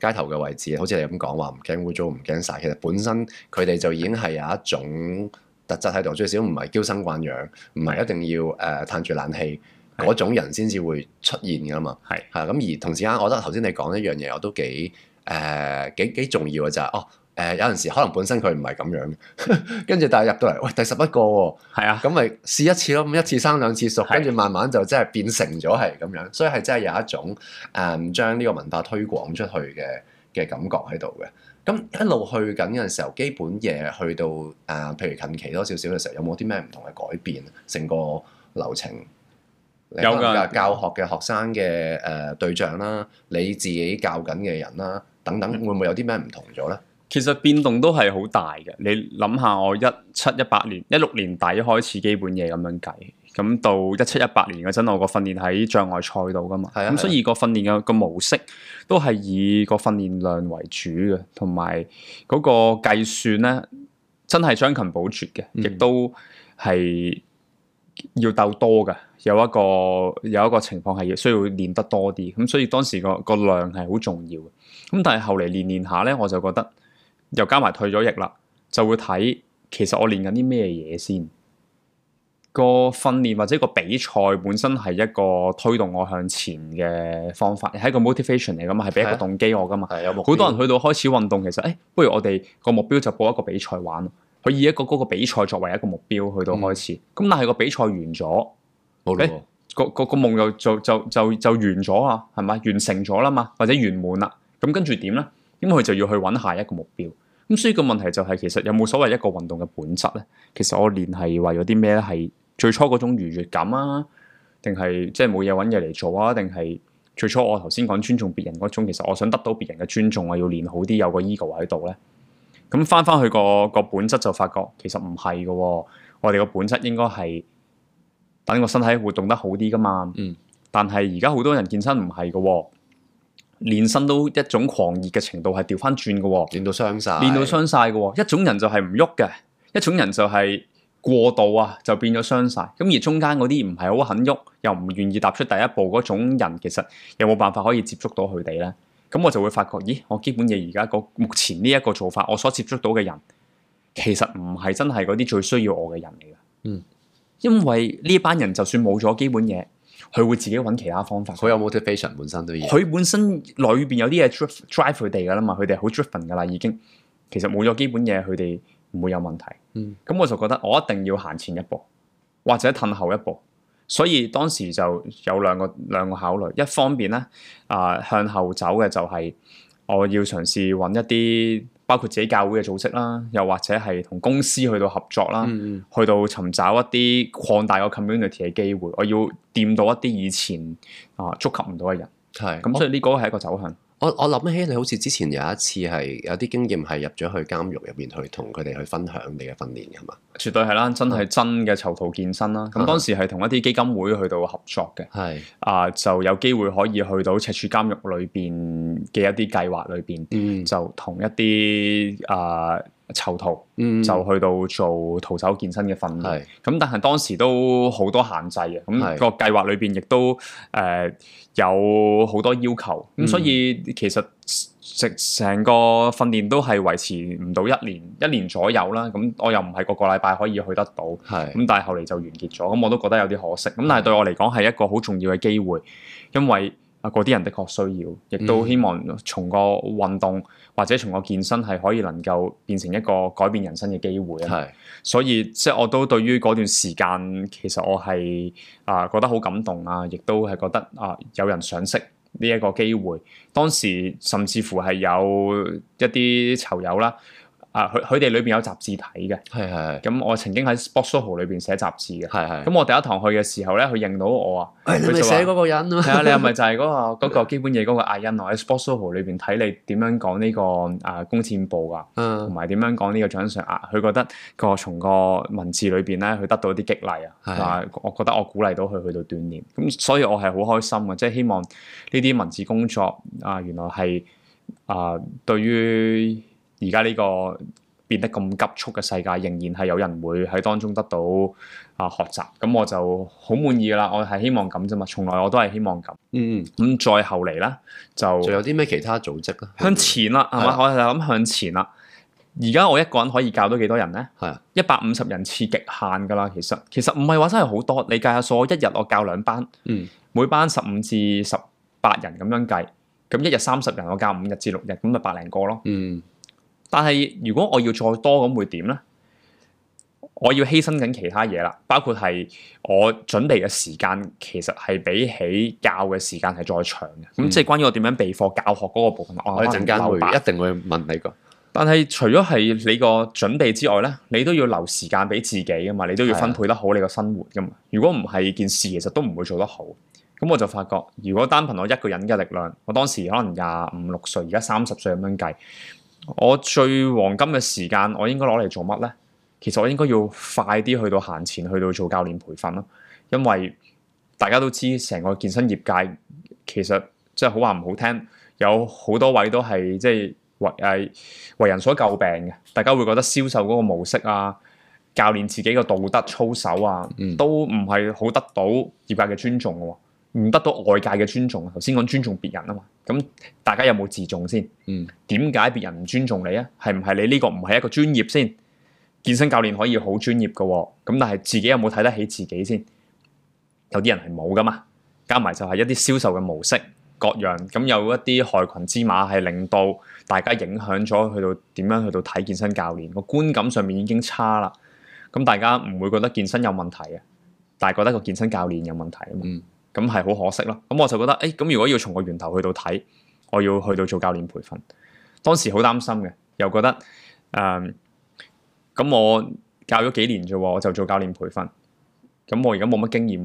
街頭嘅位置，好似你咁講話唔驚污糟、唔驚晒，其實本身佢哋就已經係有一種特質喺度，最少唔係嬌生慣養，唔係一定要誒嘆住冷氣嗰種人先至會出現㗎嘛。係係咁，而同時間，我覺得頭先你講一樣嘢，我都幾誒、呃、幾幾重要嘅就係、是、哦。誒、呃、有陣時可能本身佢唔係咁樣嘅，跟 [LAUGHS] 住但係入到嚟，喂，第十一個喎、哦，是啊，咁咪試一次咯，咁一次生兩次熟，跟住是、啊、慢慢就真係變成咗係咁樣，所以係真係有一種誒、嗯、將呢個文化推廣出去嘅嘅感覺喺度嘅。咁一路去緊嘅時候，基本嘢去到誒、呃，譬如近期多少少嘅時候，有冇啲咩唔同嘅改變？成個流程有噶教學嘅學生嘅誒、呃、對象啦，你自己教緊嘅人啦，等等，會唔會有啲咩唔同咗咧？其實變動都係好大嘅。你諗下，我一七一八年一六年底開始肌本野咁樣計，咁到一七一八年嗰陣，我訓是的 個訓練喺障礙賽度㗎嘛。係啊。咁所以個訓練嘅個模式都係以個訓練量為主嘅，同埋嗰個計算咧真係將勤補拙嘅，亦、嗯、都係要鬥多嘅。有一個有一個情況係需要練得多啲，咁所以當時個個量係好重要嘅。咁但係後嚟練練下咧，我就覺得。又加埋退咗役啦，就會睇其實我練緊啲咩嘢先。個訓練或者個比賽本身係一個推動我向前嘅方法，係一個 motivation 嚟噶嘛，係俾一個動機我噶嘛。係、啊、有好多人去到開始運動，其實誒、哎，不如我哋個目標就報一個比賽玩。佢以一個嗰、那個比賽作為一個目標去到開始。咁、嗯、但係個比賽完咗，誒、嗯哎，個個個夢又就就就就，就完咗啊，係咪？完成咗啦嘛，或者圓滿啦。咁跟住點咧？咁佢就要去揾下一個目標，咁所以個問題就係，其實有冇所謂一個運動嘅本質咧？其實我練係為咗啲咩咧？係最初嗰種愉悅感啊，定係即係冇嘢揾嘢嚟做啊？定係最初我頭先講尊重別人嗰種？其實我想得到別人嘅尊重，我要練好啲，有個 ego 喺度咧。咁翻翻去個個本質就發覺，其實唔係噶，我哋個本質應該係等個身體活動得好啲噶嘛。嗯。但係而家好多人健身唔係噶。練身都一種狂熱嘅程度係調翻轉嘅喎，變到傷晒，變到傷晒嘅喎。一種人就係唔喐嘅，一種人就係過度啊，就變咗傷晒。咁而中間嗰啲唔係好肯喐，又唔願意踏出第一步嗰種人，其實有冇辦法可以接觸到佢哋咧？咁我就會發覺，咦？我基本嘢而家個目前呢一個做法，我所接觸到嘅人，其實唔係真係嗰啲最需要我嘅人嚟嘅。嗯，因為呢班人就算冇咗基本嘢。佢會自己揾其他方法。佢有 motivation 本身都已經。佢本身裏邊有啲嘢 drive drive 佢哋噶啦嘛，佢哋好 driven 噶啦已經。其實冇咗基本嘢，佢哋唔會有問題。嗯。咁我就覺得我一定要行前一步，或者褪後一步。所以當時就有兩個兩個考慮。一方面咧，啊、呃、向後走嘅就係我要嘗試揾一啲。包括自己教會嘅組織啦，又或者係同公司去到合作啦，嗯、去到尋找一啲擴大個 community 嘅機會，我要掂到一啲以前啊觸及唔到嘅人，係咁是，所以呢個係一個走向。我我諗起你好似之前有一次係有啲經驗係入咗去監獄入邊去同佢哋去分享你嘅訓練嘅係嘛？絕對係啦，真係真嘅囚徒健身啦。咁、嗯、當時係同一啲基金會去到合作嘅，係啊就有機會可以去到赤柱監獄裏邊嘅一啲計劃裏邊，嗯、就同一啲啊。囚徒、嗯、就去到做徒手健身嘅訓練，咁是但係當時都好多限制嘅，咁是個計劃裏邊亦都誒有好多要求，咁是所以其實成成個訓練都係維持唔到一年一年左右啦。咁我又唔係個個禮拜可以去得到，咁是但係後嚟就完結咗，咁我都覺得有啲可惜。咁是但係對我嚟講係一個好重要嘅機會，因為。啊！嗰啲人的確需要，亦都希望從個運動或者從個健身係可以能夠變成一個改變人生嘅機會啊！是所以即係我都對於嗰段時間，其實我係啊、呃、覺得好感動啊，亦都係覺得啊、呃、有人賞識呢一個機會，當時甚至乎係有一啲囚友啦。啊！佢佢哋裏邊有雜誌睇嘅，係係是是、啊。咁我曾經喺 Sportsoho 裏邊寫雜誌嘅，係係是是、啊。咁我第一堂去嘅時候咧，佢認到我啊，誒你咪寫嗰個人啊，係啊，你係咪就係嗰、嗰個嗰個肌本野嗰、 [LAUGHS] 嗰個阿恩啊？喺 Sportsoho 裏邊睇你點樣講呢個啊弓箭步啊，同埋點樣講呢個掌上壓，佢、啊、覺得個從個文字裏邊咧，佢得到啲激勵是是啊，嗱，我覺得我鼓勵到佢去到鍛鍊，咁、啊、所以我係好開心啊，即、就、係、是、希望呢啲文字工作啊，原來係啊對於。而家呢個變得咁急速嘅世界，仍然係有人會喺當中得到啊學習，咁我就好滿意㗎啦。我係希望咁啫嘛，從來我都係希望咁。嗯咁、嗯、再後嚟咧，就仲有啲咩其他組織咧？向前啦，係嘛是的？我係諗向前啦。而家我一個人可以教到幾多人咧？係一百五十人次極限㗎啦。其實其實唔係話真係好多，你計下數，我一日我教兩班，嗯、每班十五至十八人咁樣計，咁一日三十人，我教五日至六日，咁咪百零個咯。嗯。但係如果我要再多咁會點呢？我要犧牲緊其他嘢啦，包括係我準備嘅時間，其實係比起教嘅時間係再長嘅。咁、嗯、即係關於我點樣備課教學嗰個部分，哦、我一陣間會，會分一定會問你個。但係除咗係你個準備之外呢，你都要留時間俾自己噶嘛，你都要分配得好你個生活噶嘛。的如果唔係，件事其實都唔會做得好。咁我就發覺，如果單憑我一個人嘅力量，我當時可能廿五六歲，而家三十歲咁樣計。我最黃金嘅時間，我應該攞嚟做乜咧？其實我應該要快啲去到行前，去到做教練培訓咯。因為大家都知，成個健身業界其實即係好話唔好聽，有好多位都係即係為為人所詬病嘅。大家會覺得銷售嗰個模式啊，教練自己嘅道德操守啊，都唔係好得到業界嘅尊重喎。唔得到外界嘅尊重，頭先講尊重別人啊嘛。咁大家有冇自重先？點解別人唔尊重你啊？係唔係你呢個唔係一個專業先？健身教練可以好專業㗎喎，咁但係自己有冇睇得起自己先？有啲人係冇噶嘛。加埋就係一啲銷售嘅模式各樣，咁有一啲害群之馬係令到大家影響咗去到點樣去到睇健身教練個觀感上面已經差啦。咁大家唔會覺得健身有問題啊，但係覺得個健身教練有問題啊嘛。嗯咁係好可惜咯，咁我就覺得，誒、欸，咁如果要從個源頭去到睇，我要去到做教練培訓，當時好擔心嘅，又覺得，誒、嗯，咁我教咗幾年咋，我就做教練培訓，咁我而家冇乜經驗，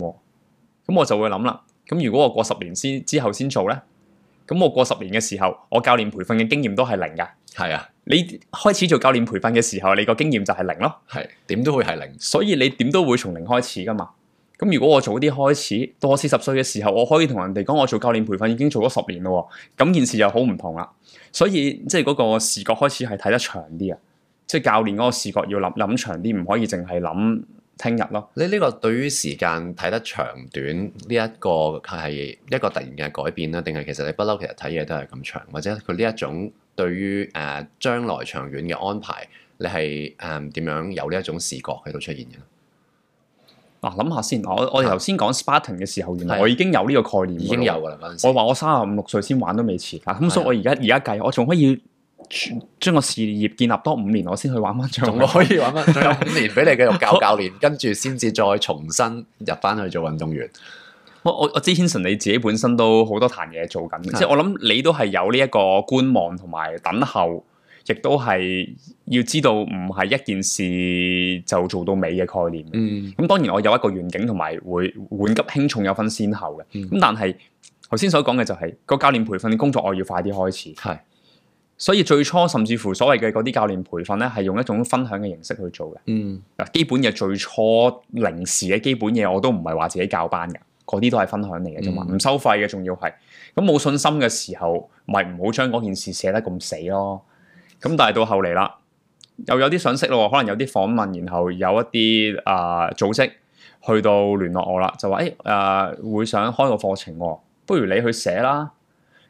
咁我就會諗啦，咁如果我過十年先之後先做咧，咁我過十年嘅時候，我教練培訓嘅經驗都係零噶，係啊，你開始做教練培訓嘅時候，你個經驗就係零咯，係，點都會係零，所以你點都會從零開始噶嘛。咁如果我早啲開始，到我四十歲嘅時候，我可以同人哋講我做教練培訓已經做咗十年咯喎，咁件事又好唔同啦。所以即係嗰個視覺開始係睇得長啲啊，即係教練嗰個視覺要諗諗長啲，唔可以淨係諗聽日咯。你呢個對於時間睇得長短呢一個係一個突然嘅改變咧，定係其實你不嬲其實睇嘢都係咁長，或者佢呢一種對於誒將來長遠嘅安排，你係誒點樣有呢一種視覺喺度出現嘅？嗱，諗、啊、下先。我我頭先講 Spartan 嘅時候，原來我已經有呢個概念。已經有噶啦陣時。我話我三十五六歲先玩都未遲。咁所以我，我而家而家計，我仲可以將個事業建立多五年，我先去玩翻。仲可以玩翻，仲 [LAUGHS] 有五年俾你繼續教教練，好跟住先至再重新入翻去做運動員。我我我知，Hanson 你自己本身都好多壇嘢做緊，即係的我諗你都係有呢一個觀望同埋等候。亦都係要知道，唔係一件事就做到尾嘅概念。咁、嗯、當然我有一個願景同埋會緩急輕重有分先後嘅。咁、嗯、但係頭先所講嘅就係個教練培訓嘅工作，我要快啲開始。係，所以最初甚至乎所謂嘅嗰啲教練培訓咧，係用一種分享嘅形式去做嘅。嗯，嗱基本嘅最初零時嘅基本嘢，我都唔係話自己教班嘅，嗰啲都係分享嚟嘅啫嘛，唔、嗯、收費嘅，仲要係咁冇信心嘅時候，咪唔好將嗰件事寫得咁死咯。咁但係到後嚟啦，又有啲想識訊息咯，可能有啲訪問，然後有一啲啊、呃、組織去到聯絡我啦，就話誒誒會想開個課程喎、哦，不如你去寫啦。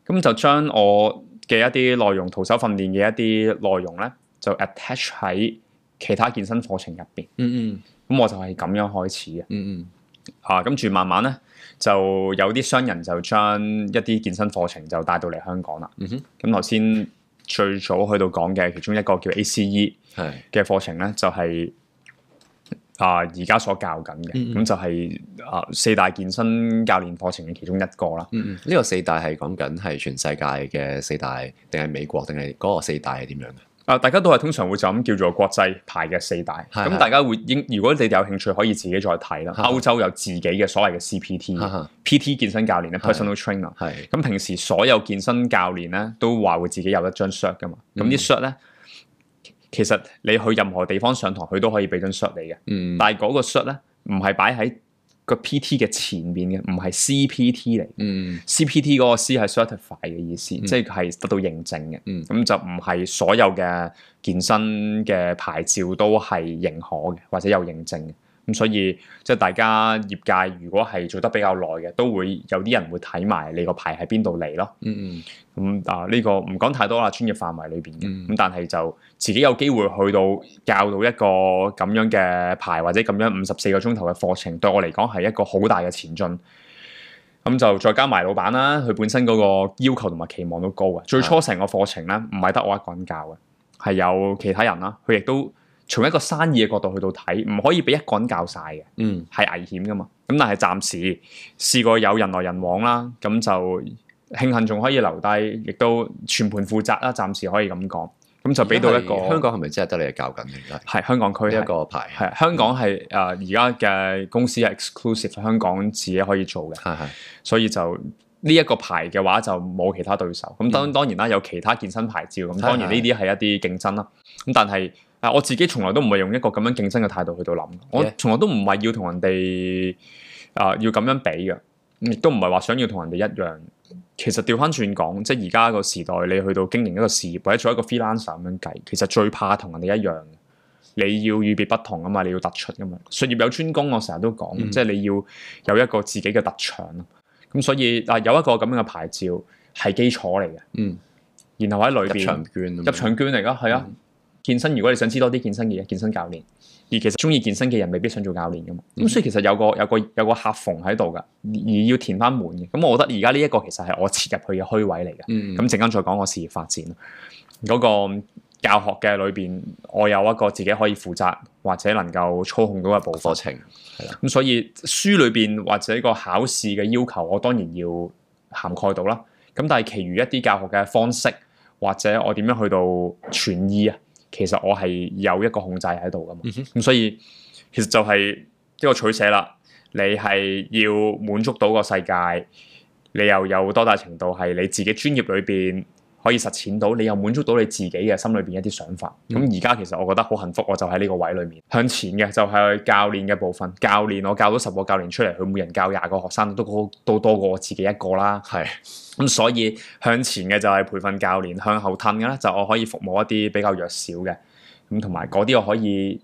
咁就將我嘅一啲內容徒手訓練嘅一啲內容咧，就 attach 喺其他健身課程入邊。嗯嗯。咁我就係咁樣開始嘅。嗯嗯。啊，跟住慢慢咧就有啲商人就將一啲健身課程就帶到嚟香港啦。嗯哼。咁頭先。最早去到講嘅其中一個叫 ACE 嘅課是程咧，就係啊而家所教緊嘅，咁、嗯嗯、就係、是、啊、呃、四大健身教練課程嘅其中一個啦。呢、嗯這個四大係講緊係全世界嘅四大，定係美國定係個四大係點樣嘅？啊！大家都係通常會就咁叫做國際牌嘅四大，咁是是 大家會應，如果你哋有興趣，可以自己再睇啦。是是歐洲有自己嘅所謂嘅 CPT、PT 健身教練 personal trainer。係。咁平時所有健身教練咧都話會自己有一張 shirt 噶嘛，咁啲 shirt 咧其實你去任何地方上堂，佢都可以俾張 shirt 你嘅。但係嗰個 shirt 咧，唔係擺喺個 PT 嘅前面嘅唔係 CPT 嚟、嗯、CPT 嗰個 C 係 certified 嘅意思，即係係得到認證嘅，咁、嗯、就唔係所有嘅健身嘅牌照都係認可嘅，或者有認證嘅。咁所以即係大家業界如果係做得比較耐嘅，都會有啲人會睇埋你個牌喺邊度嚟咯。嗯嗯。咁啊呢個唔講太多啦，專業範圍裏邊嘅。咁、嗯、但係就自己有機會去到教到一個咁樣嘅牌或者咁樣五十四個鐘頭嘅課程，對我嚟講係一個好大嘅前進。咁、嗯、就再加埋老闆啦，佢本身嗰個要求同埋期望都高嘅。最初成個課程咧，唔係得我一個人教嘅，係有其他人啦，佢亦都。從一個生意嘅角度去到睇，唔可以俾一個人教晒嘅，嗯，係危險噶嘛。咁但係暫時試過有人來人往啦，咁就慶幸仲可以留低，亦都全盤負責啦。暫時可以咁講，咁就俾到一個香港係咪真係得你教緊？應該係香港區一個牌，係香港係誒而家嘅公司係 exclusive，香港自己可以做嘅，係係、嗯。所以就呢一、這個牌嘅話就冇其他對手。咁當當然啦，嗯、有其他健身牌照，咁當然呢啲係一啲競爭啦。咁但係。啊！我自己從來都唔係用一個咁樣競爭嘅態度去到諗，Yeah. 我從來都唔係要同人哋啊、呃、要咁樣比嘅，亦都唔係話想要同人哋一樣。其實調翻轉講，即係而家個時代，你去到經營一個事業或者做一個 freelancer 咁樣計，其實最怕同人哋一樣。你要與別不同啊嘛，你要突出啊嘛。術業有專攻我，我成日都講，hmm. 即係你要有一個自己嘅特長。咁所以啊、呃，有一個咁樣嘅牌照係基礎嚟嘅。嗯、mm。Hmm. 然後喺裏邊。入場券啊！入場券嚟啊，係啊。健身，如果你想知多啲健身嘅嘢，健身教練，而其實中意健身嘅人未必，必想做教練噶嘛，咁、嗯、所以其實有個有個有個客縫喺度噶，而要填翻滿嘅。咁我覺得而家呢一個其實係我切入去嘅虛位嚟嘅。咁陣間再講我事業發展嗰、嗰個教學嘅裏邊，我有一個自己可以負責或者能夠操控到嘅部課程。係啦、嗯，咁的所以書裏邊或者個考試嘅要求，我當然要涵蓋到啦。咁但係其餘一啲教學嘅方式或者我點樣去到傳意啊？其實我係有一個控制喺度㗎嘛，咁、嗯哼嗯、所以其實就係一個取捨啦。你係要滿足到個世界，你又有多大程度係你自己專業裏邊？可以實踐到，你又滿足到你自己嘅心裏邊一啲想法。咁而家其實我覺得好幸福，我就喺呢個位裏面向前嘅就係教練嘅部分。教練我教咗十個教練出嚟，佢每人教廿個學生都多都多過我自己一個啦。係咁是、嗯，所以向前嘅就係培訓教練，向後褪嘅咧就我可以服務一啲比較弱小嘅咁，同埋嗰啲我可以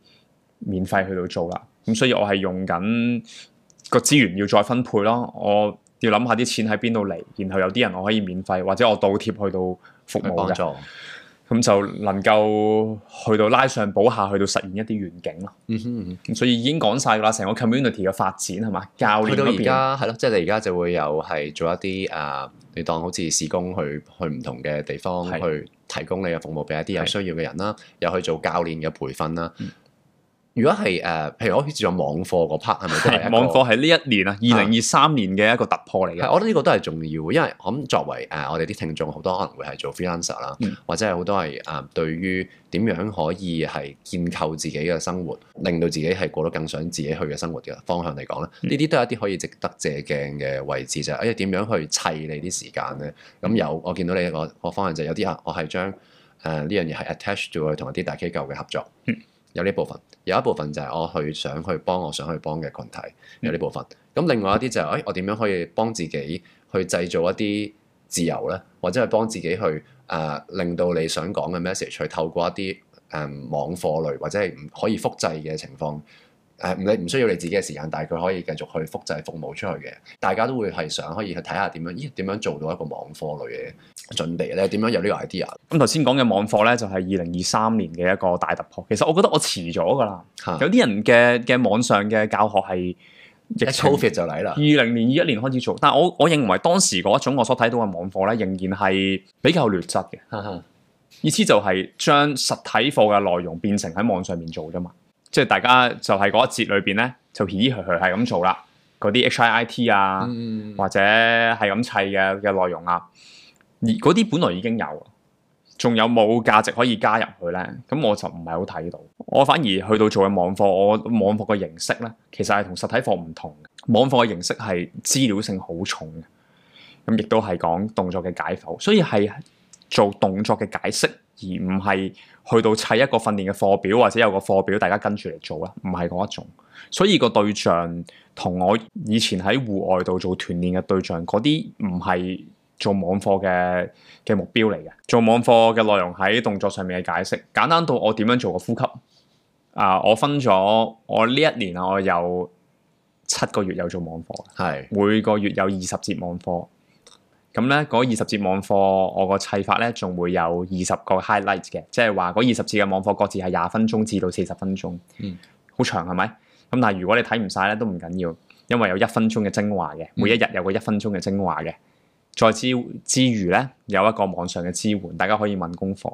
免費去到做啦。咁、嗯、所以我係用緊個資源要再分配咯。我要諗下啲錢喺邊度嚟，然後有啲人我可以免費或者我倒貼去到。服務幫助，咁就能夠去到拉上補下去到實現一啲願景咯。嗯哼，嗯哼，所以已經講晒㗎啦，成個 community 嘅發展係嘛？教練邊，到而家係咯，即係、就是、你而家就會有係做一啲誒、啊，你當好似義工去去唔同嘅地方的去提供你嘅服務俾一啲有需要嘅人啦，的又去做教練嘅培訓啦。嗯如果係誒、呃，譬如我好似做網課嗰 part 係咪？係係係網課係呢一年啊，二零二三年嘅一個突破嚟嘅。我覺得呢個都係重要，因為我諗作為誒、呃、我哋啲聽眾好多可能會係做 freelancer 啦，嗯、或者係好多係誒、呃、對於點樣可以係建構自己嘅生活，令到自己係過到更想自己去嘅生活嘅方向嚟講咧，呢啲、嗯、都係一啲可以值得借鏡嘅位置就係誒點樣去砌你啲時間咧。咁有、嗯、我見到你一個個方向就有啲啊，我係將誒呢樣嘢係 attach 到去同啲大機構嘅合作。有呢部分，有一部分就係我去想去幫我想去幫嘅群體，有呢部分。咁另外一啲就係、是，誒、哎、我點樣可以幫自己去製造一啲自由呢？或者係幫自己去誒、呃、令到你想講嘅 message 去透過一啲誒、呃、網課類或者係唔可以複製嘅情況。誒唔你唔需要你自己嘅時間，但係佢可以繼續去複製服務出去嘅。大家都會係想可以去睇下點樣，咦，點樣做到一個網課類嘅準備咧？點樣有呢個 idea？咁頭先講嘅網課咧，就係二零二三年嘅一個大突破。其實我覺得我遲咗㗎啦。有啲人嘅嘅網上嘅教學係一疫情就嚟啦。二零年二一年開始做，但係我我認為當時嗰一種我所睇到嘅網課咧，仍然係比較劣質嘅。 [LAUGHS] 意思就係將實體課嘅內容變成喺網上面做啫嘛。即係大家就係嗰一節裏邊咧，就咦咦噚噚係咁做啦，嗰啲 HIIT 啊，嗯、或者係咁砌嘅嘅內容啊，而嗰啲本來已經有，仲有冇價值可以加入去咧？咁我就唔係好睇到。我反而去到做嘅網課，我網課嘅形式咧，其實係同實體課唔同嘅。網課嘅形式係資料性好重嘅，咁亦都係講動作嘅解剖，所以係做動作嘅解釋，而唔係、嗯。去到砌一個訓練嘅課表或者有個課表，大家跟住嚟做啦，唔係嗰一種。所以個對象同我以前喺戶外度做團練嘅對象，嗰啲唔係做網課嘅嘅目標嚟嘅。做網課嘅內容喺動作上面嘅解釋，簡單到我點樣做個呼吸。啊！我分咗我呢一年啊，我有七個月有做網課嘅，是每個月有二十節網課。咁咧，嗰二十節網課，我個砌法咧，仲會有二十個 highlight 嘅，即係話嗰二十節嘅網課，各自係廿分鐘至到四十分鐘，嗯，好長係咪？咁但係如果你睇唔晒咧，都唔緊要，因為有一分鐘嘅精華嘅，每一日有個一分鐘嘅精華嘅。嗯、再之之餘咧，有一個網上嘅支援，大家可以問功課，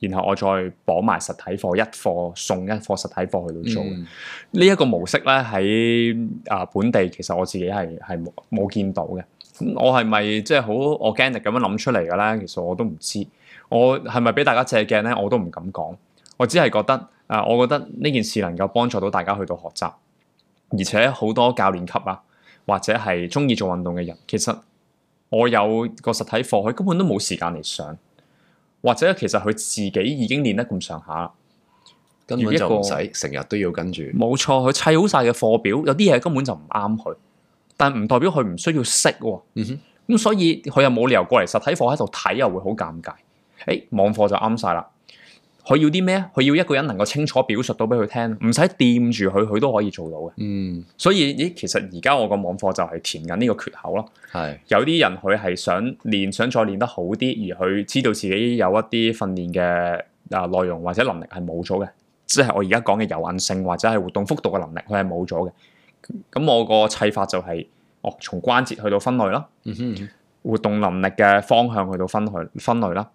然後我再綁埋實體課一課送一課實體課去到做。呢一、嗯、個模式咧喺啊本地其實我自己係係冇冇見到嘅。我係咪即係好 organic 咁樣諗出嚟嘅咧？其實我都唔知。我係咪俾大家借鏡咧？我都唔敢講。我只係覺得，啊，我覺得呢件事能夠幫助到大家去到學習，而且好多教練級啊，或者係中意做運動嘅人，其實我有個實體課，佢根本都冇時間嚟上，或者其實佢自己已經練得咁上下，根本就唔使成日都要跟住。冇錯，佢砌好晒嘅課表，有啲嘢根本就唔啱佢。但唔代表佢唔需要識喎、哦，咁、嗯、哼所以佢又冇理由過嚟實體課喺度睇又會好尷尬，誒、哎、網課就啱晒啦。佢要啲咩？佢要一個人能夠清楚表述到俾佢聽，唔使掂住佢，佢都可以做到嘅。嗯，所以咦，其實而家我個網課就係填緊呢個缺口咯。係是，有啲人佢係想練，想再練得好啲，而佢知道自己有一啲訓練嘅啊內容或者能力係冇咗嘅，即、就、係、是、我而家講嘅柔韌性或者係活動幅度嘅能力，佢係冇咗嘅。咁我個砌法就係、是，哦，從關節去到分類啦，嗯、哼活動能力嘅方向去到分去分類啦，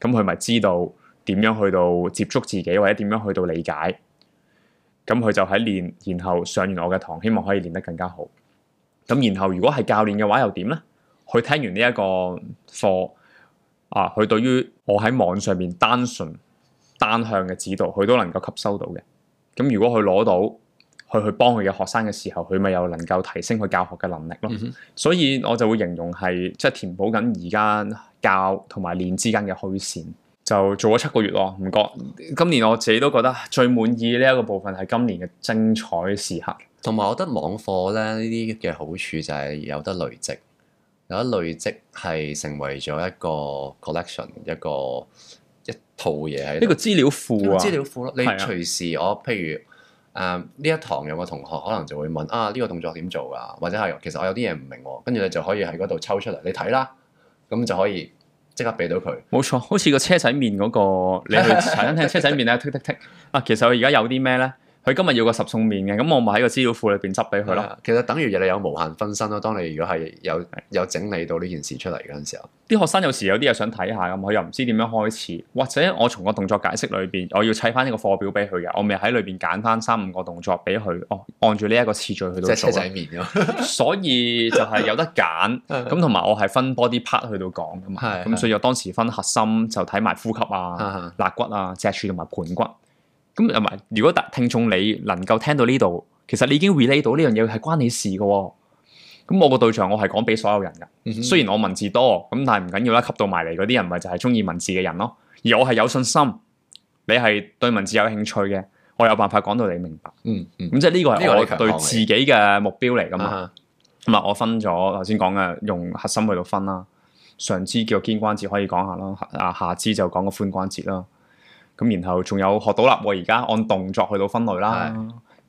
咁佢咪知道點樣去到接觸自己，或者點樣去到理解，咁佢就喺練，然後上完我嘅堂，希望可以練得更加好。咁然後如果係教練嘅話又呢，又點咧？佢聽完呢一個課，啊，佢對於我喺網上面單純單向嘅指導，佢都能夠吸收到嘅。咁如果佢攞到。佢去幫佢嘅學生嘅時候，佢咪又能夠提升佢教學嘅能力咯。嗯、哼所以我就會形容係即係填補緊而家教同埋練之間嘅虛線。就做咗七個月咯，唔覺。今年我自己都覺得最滿意呢一個部分係今年嘅精彩時刻。同埋我覺得網課咧呢啲嘅好處就係有得累積，有得累積係成為咗一個 collection，一個一套嘢喺。呢個資料庫啊，資料庫咯，你隨時我、啊、譬如。誒呢、um, 一堂有個同學可能就會問啊呢、這個動作點做啊？或者係其實我有啲嘢唔明喎，跟住你就可以喺嗰度抽出嚟，你睇啦，咁就可以即刻俾到佢。冇錯，好似個車仔麵嗰，那個，你去茶餐廳車仔麵咧、啊，剔剔剔啊！其實我而家有啲咩咧？佢今日要個十送麵嘅，咁我咪喺個資料庫裏邊執俾佢咯。其實等於你有無限分身咯。當你如果係有有整理到呢件事出嚟嗰陣時候，啲學生有時有啲又想睇下咁，佢又唔知點樣開始，或者我從個動作解釋裏邊，我要砌翻呢個課表俾佢嘅，我咪喺裏邊揀翻三五個動作俾佢哦，按住呢一個次序去到做。即係車仔麵咯、啊。 [LAUGHS] 所以就係有得揀咁，同埋 [LAUGHS] 我係分 body part 去到講噶嘛。咁 [LAUGHS] 所以我當時分核心就睇埋呼吸啊、肋骨啊、脊柱同埋盤骨。 [MUSIC] 咁唔係，如果特聽眾你能夠聽到呢度，其實你已經 relate 到呢樣嘢係關你事嘅喎、哦。咁我個對象我係講俾所有人嘅，嗯、哼雖然我文字多，咁但係唔緊要啦，吸到埋嚟嗰啲人咪就係中意文字嘅人咯。而我係有信心，你係對文字有興趣嘅，我有辦法講到你明白。嗯咁、嗯、即係呢個係我對自己嘅目標嚟噶嘛。咁啊、嗯，嗯嗯、我分咗頭先講嘅用核心去度分啦。上肢叫肩關節可以講下，下，下講啦，啊下肢就講個髖關節啦。咁然後仲有學到啦，我而家按動作去到分類啦，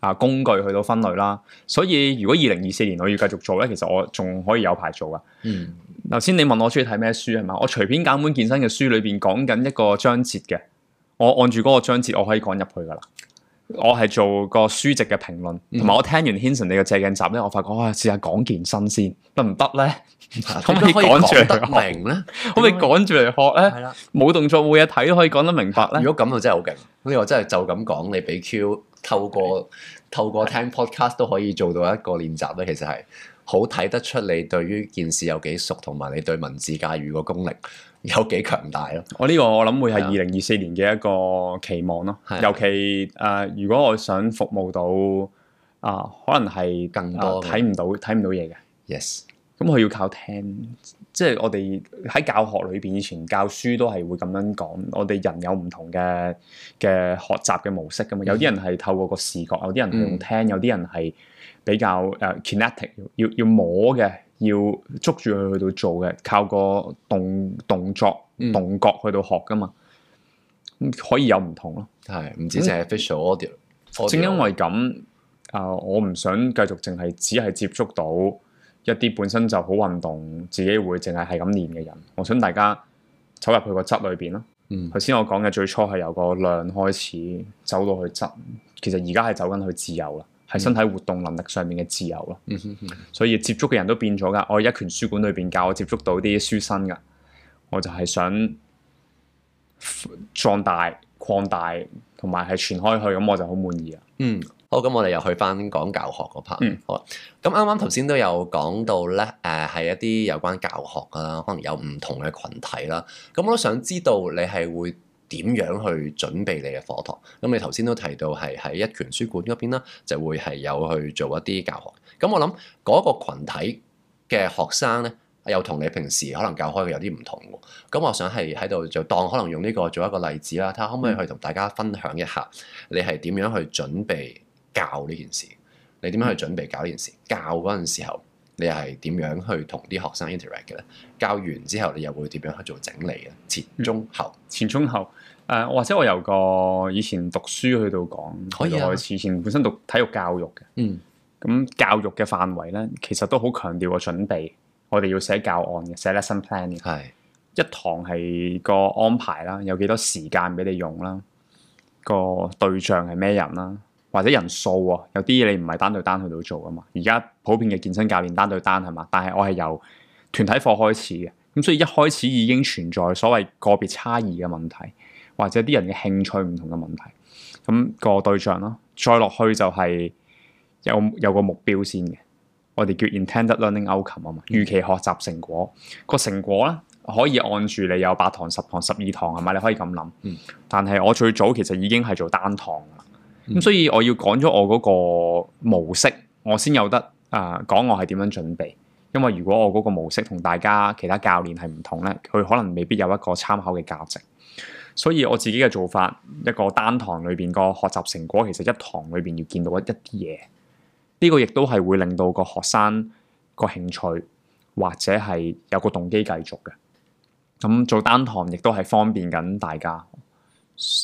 啊，工具去到分類啦，所以如果二零二四年我要繼續做咧，其實我仲可以有排做㗎。頭先、嗯、你問我中意睇咩書係嘛？我隨便揀本健身嘅書裏邊講緊一個章節嘅，我按住嗰個章節，我可以講入去噶啦。我係做個書籍嘅評論，同埋我聽完 Hanson 你嘅借鏡集咧，我發覺啊，試下講健身先得唔得咧？行可唔可以講住得明咧？可唔可以講住嚟學咧？係啦，冇的動作冇嘢睇，都可以講得明白咧。如果咁就真係好勁。呢個真係就咁講，你俾 Q 透過的透過聽 podcast 都可以做到一個練習咧。其實係好睇得出你對於件事有幾熟，同埋你對文字駕馭個功力有幾強大咯。我呢個我諗會係二零二四年嘅一個期望咯。的尤其誒、呃，如果我想服務到啊、呃，可能係更多睇唔到睇唔、啊、到嘢嘅。Yes。咁佢、嗯、要靠聽，即係我哋喺教學裏邊，以前教書都係會咁樣講。我哋人有唔同嘅嘅學習嘅模式噶嘛？有啲人係透過個視覺，有啲人用聽，嗯、有啲人係比較誒、uh, kinetic 要要摸嘅，要捉住佢去到做嘅，靠個動動作、嗯、動覺去到學噶嘛。可以有唔同咯。係唔止淨係 official audio、嗯。Audio. 正因為咁啊、呃，我唔想繼續淨係只係接觸到。一啲本身就好運動，自己會淨係係咁練嘅人，我想大家走入去個質裏邊咯。頭先、嗯、我講嘅最初係由個量開始走到去質，其實而家係走緊去自由啦，係、嗯、身體活動能力上面嘅自由咯。嗯、哼哼所以接觸嘅人都變咗噶，我一拳書館裏邊教，我接觸到啲書生噶，我就係想壯大、擴大同埋係傳開去，咁我就好滿意啦。嗯。好，咁我哋又去翻講教學嗰 part。嗯、好啦，咁啱啱頭先都有講到咧，誒、呃，係一啲有關教學啊，可能有唔同嘅群體啦。咁我都想知道你係會點樣去準備你嘅課堂？咁你頭先都提到係喺一拳書館嗰邊啦，就會係有去做一啲教學。咁我諗嗰個群體嘅學生咧，又同你平時可能教開嘅有啲唔同。咁我想係喺度就當可能用呢個做一個例子啦，睇下可唔可以去同大家分享一下，你係點樣去準備？教呢件事，你點樣去準備搞呢件事？教嗰陣時候，你係點樣去同啲學生 interact 嘅咧？教完之後，你又會點樣去做整理啊？前中後，前中後誒、呃，或者我由個以前讀書去到講，可以啊。我以前本身讀體育教育嘅。嗯，咁教育嘅範圍咧，其實都好強調個準備。我哋要寫教案嘅，寫 lesson plan 嘅，係是一堂係個安排啦，有幾多時間俾你用啦，個對象係咩人啦？或者人數喎，有啲嘢你唔係單對單去到做啊嘛。而家普遍嘅健身教練單對單係嘛，但係我係由團體課開始嘅，咁所以一開始已經存在所謂個別差異嘅問題，或者啲人嘅興趣唔同嘅問題，咁個對象咯。再落去就係有有個目標先嘅，我哋叫 intended learning outcome 啊嘛，預期學習成果、個成果咧可以按住你有八堂、十堂、十二堂係咪？你可以咁諗。但係我最早其實已經係做單堂。咁所以我要講咗我嗰個模式，我先有得啊、呃、講，我係點樣準備，因為如果我嗰個模式同大家其他教練係唔同咧，佢可能未必有一個參考嘅價值。所以我自己嘅做法，一個單堂裏邊個學習成果，其實一堂裏邊要見到一啲嘢。呢、這個亦都係會令到個學生個興趣或者係有個動機繼續嘅。咁做單堂亦都係方便緊大家。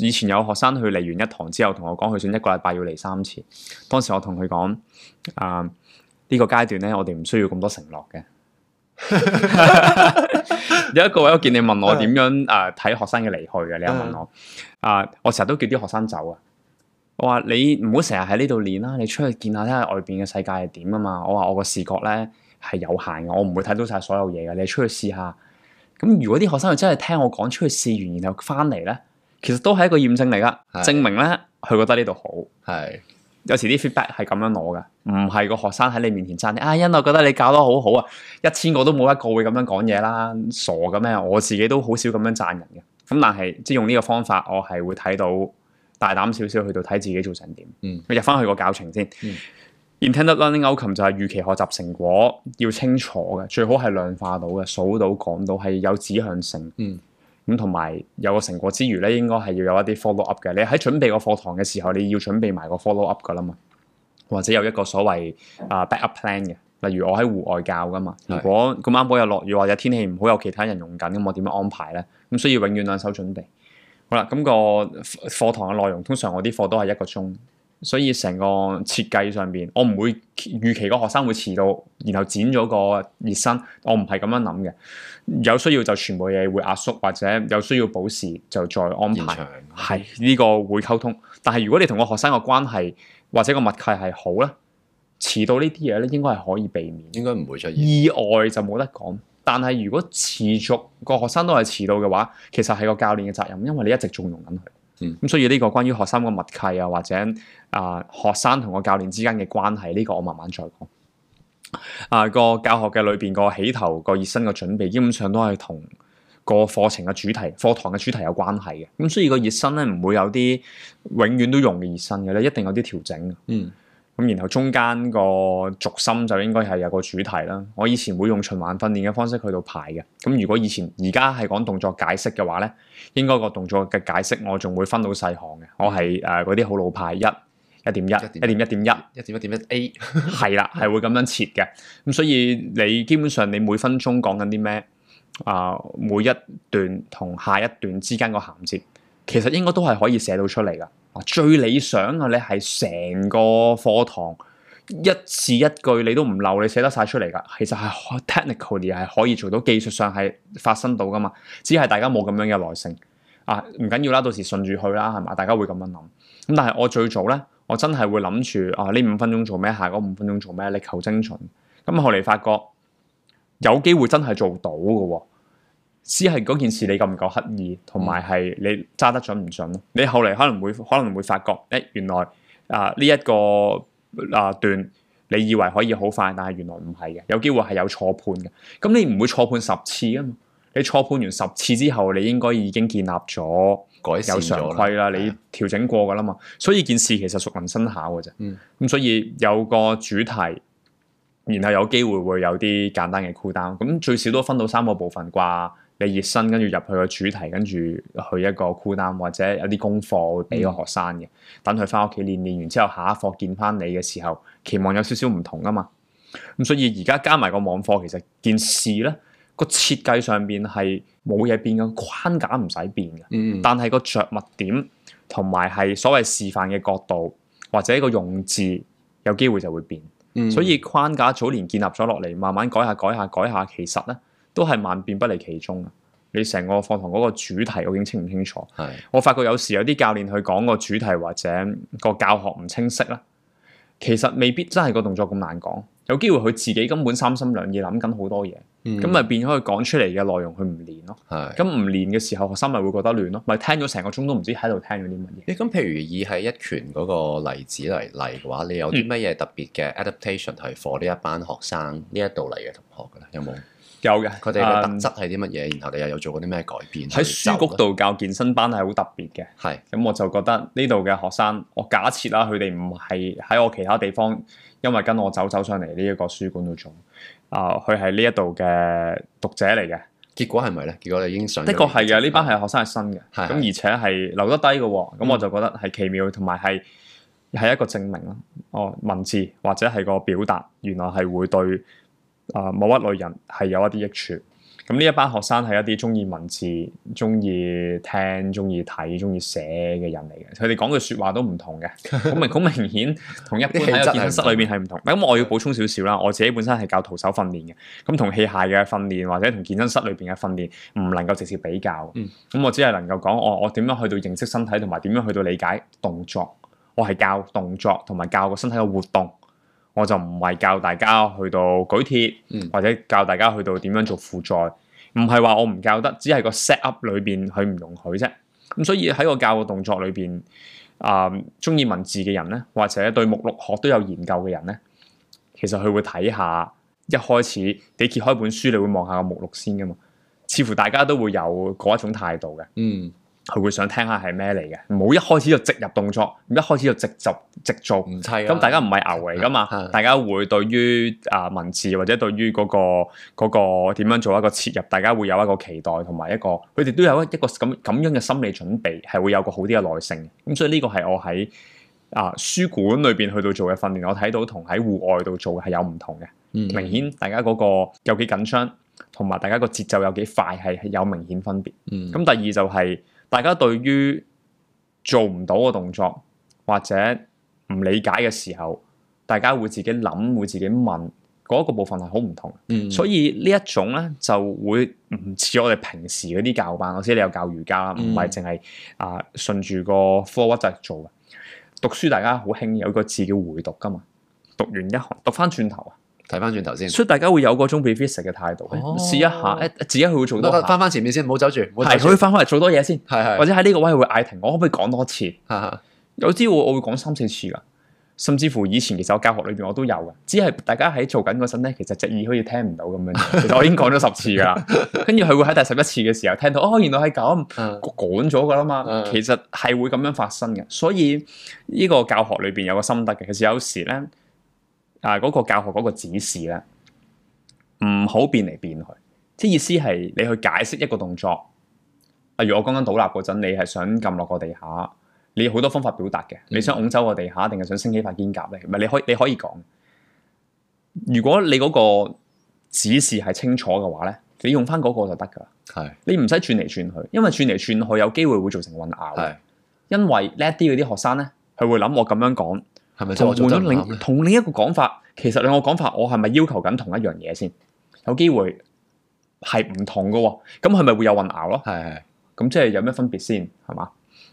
以前有學生去嚟完一堂之後，同我講佢算一個禮拜要嚟三次。當時我同佢講：啊、呃，呢、這個階段咧，我哋唔需要咁多承諾嘅。 [LAUGHS] [LAUGHS] 有一個位我見你問我點樣啊睇、呃、學生嘅離去嘅，你又問我啊、呃，我成日都叫啲學生走啊。我話你唔好成日喺呢度練啦、啊，你出去見下睇下外邊嘅世界係點啊嘛。我話我個視覺咧係有限嘅，我唔會睇到晒所有嘢嘅。你出去試下。咁如果啲學生佢真係聽我講出去試完，然後翻嚟咧？其實都係一個驗證嚟噶，的證明咧，佢覺得呢度好。係的有時啲 feedback 係咁樣攞噶，唔係、嗯、個學生喺你面前讚你。嗯、阿恩，我覺得你教得好好啊，一千個都冇一個會咁樣講嘢啦，傻噶咩？我自己都好少咁樣讚人嘅。咁但係即係用呢個方法，我係會睇到大膽少少去到睇自己做成點。嗯，入翻去個教程先。嗯，intended learning outcome 就係預期學習成果要清楚嘅，最好係量化到嘅，數到講到係有指向性。嗯。咁同埋有個成果之餘咧，應該係要有一啲 follow up 嘅。你喺準備個課堂嘅時候，你要準備埋個 follow up 噶啦嘛。或者有一個所謂啊、uh, backup plan 嘅，例如我喺戶外教噶嘛。如果咁啱好有落雨或者天氣唔好，有其他人用緊，咁我點樣安排咧？咁需要永遠兩手準備。好啦，咁個課堂嘅內容，通常我啲課都係一個鐘。所以成個設計上邊，我唔會預期個學生會遲到，然後剪咗個熱身。我唔係咁樣諗嘅，有需要就全部嘢會壓縮，或者有需要保時就再安排。係呢場、呢個會溝通。但係如果你同個學生個關係或者個默契係好咧，遲到呢啲嘢咧應該係可以避免。應該唔會出現意外就冇得講。但係如果持續個學生都係遲到嘅話，其實係個教練嘅責任，因為你一直縱容緊佢。咁、嗯、所以呢個關於學生個默契啊或者。啊，學生同個教練之間嘅關係呢、這個我慢慢再講。啊，個教學嘅裏邊個起頭個熱身嘅準備，基本上都係同個課程嘅主題、課堂嘅主題有關係嘅。咁、啊、所以個熱身咧唔會有啲永遠都用嘅熱身嘅咧，一定有啲調整。嗯。咁、啊、然後中間個軸心就應該係有個主題啦。我以前會用循環訓練嘅方式去到排嘅。咁、啊、如果以前而家係講動作解釋嘅話咧，應該個動作嘅解釋我仲會分到細項嘅。我係誒嗰啲好老派一。一點一一點一點一一點一點一 A 係 [LAUGHS] 啦，係會咁樣設嘅。咁所以你基本上你每分鐘講緊啲咩啊？每一段同下一段之間個銜接，其實應該都係可以寫到出嚟噶。最理想啊，你係成個課堂一字一句你都唔漏，你寫得曬出嚟噶。其實係 technical 啲係可以做到，技術上係發生到噶嘛。只係大家冇咁樣嘅耐性啊，唔緊要啦，到時順住去啦，係嘛？大家會咁樣諗。咁但係我最做咧。我真係會諗住啊呢五分鐘做咩，下個五分鐘做咩，力求精準。咁、嗯、後嚟發覺有機會真係做到嘅、哦，只係嗰件事你夠唔夠刻意，同埋係你揸得準唔準。你後嚟可能會可能會發覺，誒、哎、原來啊呢一個啊、呃、段，你以為可以好快，但係原來唔係嘅，有機會係有錯判嘅。咁、嗯、你唔會錯判十次啊嘛？你錯判完十次之後，你應該已經建立咗。有常規啦，你調整過噶啦嘛，是的 所以件事其實熟能生巧嘅啫。咁、嗯、所以有個主題，然後有機會會有啲簡單嘅 Cool Down。咁最少都分到三個部分啩？你熱身，跟住入去個主題，跟住去一個 Cool Down 或者有啲功課會俾個學生嘅，嗯、等佢翻屋企練練完之後，下一課見翻你嘅時候，期望有少少唔同啊嘛。咁所以而家加埋個網課，其實件事咧。個設計上邊係冇嘢變嘅，框架唔使變嘅，嗯、但係個着墨點同埋係所謂示範嘅角度或者個用字有機會就會變。嗯、所以框架早年建立咗落嚟，慢慢改下改下改下，其實咧都係萬變不離其宗。你成個課堂嗰個主題究竟清唔清楚？是的 我發覺有時有啲教練去講個主題或者個教學唔清晰啦。其實未必真係個動作咁難講，有機會佢自己根本三心兩意諗緊好多嘢，咁咪、嗯、變咗佢講出嚟嘅內容佢唔練咯。係是，咁唔練嘅時候，學生咪會覺得亂咯，咪聽咗成個鐘都唔知喺度聽咗啲乜嘢。你咁、嗯、譬如以係一拳嗰個例子嚟嚟嘅話，你有啲乜嘢特別嘅 adaptation 係 for 呢一班學生呢一度嚟嘅同學嘅咧？有冇？有嘅，佢哋嘅特質係啲乜嘢？嗯、然後你又有做過啲咩改變？喺書局度教健身班係好特別嘅。係的，咁、嗯、我就覺得呢度嘅學生，我假設啦，佢哋唔係喺我其他地方，因為跟我走走上嚟呢一個書館度做啊，佢係呢一度嘅讀者嚟嘅。結果係咪咧？結果你已經上，的確係嘅，呢班係學生係新嘅，咁的而且係留得低嘅喎。咁的我就覺得係奇妙，同埋係係一個證明咯。哦，文字或者係個表達，原來係會對。啊，某一類人係有一啲益處。咁呢一班學生係一啲中意文字、中意聽、中意睇、中意寫嘅人嚟嘅。佢哋講嘅説話都唔同嘅，咁咪好明顯同一般喺 [LAUGHS] 健身室裏面係唔同。咁 [LAUGHS] 我要補充少少啦，我自己本身係教徒手訓練嘅，咁同器械嘅訓練或者同健身室裏邊嘅訓練唔能夠直接比較。咁、嗯、我只係能夠講、哦、我我點樣去到認識身體同埋點樣去到理解動作。我係教動作同埋教個身體嘅活動。我就唔係教大家去到舉鐵，或者教大家去到點樣做負載，唔係話我唔教得，只係個 set up 裏邊佢唔容許啫。咁所以喺個教嘅動作裏邊，啊、嗯，中意文字嘅人咧，或者對目錄學都有研究嘅人咧，其實佢會睇下一開始你揭開本書，你會望下個目錄先噶嘛？似乎大家都會有嗰一種態度嘅，嗯。佢會想聽下係咩嚟嘅，唔好一開始就直入動作，一開始就直接直做。咁、啊、大家唔係牛嚟噶嘛，啊、大家會對於啊、呃、文字或者對於嗰、嗰個嗰、嗰個點樣做一個切入，大家會有一個期待同埋一個，佢哋都有一個一個咁咁樣嘅心理準備，係會有個好啲嘅耐性。咁、嗯、所以呢個係我喺啊、呃、書館裏邊去到做嘅訓練，我睇到同喺戶外度做係有唔同嘅。明顯大家嗰個有幾緊張，同埋大家個節奏有幾快，係有明顯分別。咁、嗯嗯、第二就係、是。大家對於做唔到嘅動作或者唔理解嘅時候，大家會自己諗，會自己問嗰、嗰個部分係好唔同。嗯、所以呢一種咧就會唔似我哋平時嗰啲教班，好似你有教瑜伽啦，唔係淨係啊順住個科屈就嚟做嘅。讀書大家好興有個字叫回讀㗎嘛，讀完一行讀翻轉頭啊！睇翻轉頭先，所以大家會有嗰種 b e n 嘅態度，哦、試一下，誒自己佢會做多。翻翻前面先，唔好走住。係，佢翻翻嚟做多嘢先。係係的。或者喺呢個位會嗌停，我可唔可以講多次？的有啲我我會講三四次噶，甚至乎以前其實我教學裏邊我都有嘅，只係大家喺做緊嗰陣咧，其實直耳好似聽唔到咁樣。其實我已經講咗十次噶啦，跟住佢會喺第十一次嘅時候聽到，哦，原來係咁講咗噶啦嘛。嗯、其實係會咁樣發生嘅，所以呢個教學裏邊有個心得嘅。其實有時咧。啊！嗰個教學嗰個指示咧，唔好變嚟變去。即意思係你去解釋一個動作，例如我剛剛倒立嗰陣，你係想撳落個地下，你好多方法表達嘅。嗯、你想拱走個地下，定係想升起塊肩胛咧？唔係，你可以你可以講。如果你嗰個指示係清楚嘅話咧，你用翻嗰個就得噶啦。係的你唔使轉嚟轉去，因為轉嚟轉去有機會會造成混淆的因為叻啲嗰啲學生咧，佢會諗我咁樣講。就換咗另同另一個講法，其實兩個講法，我係咪要求緊同一樣嘢先？有機會係唔同嘅喎、哦，咁係咪會有混淆咯？係係係。咁即係有咩分別先？係嘛？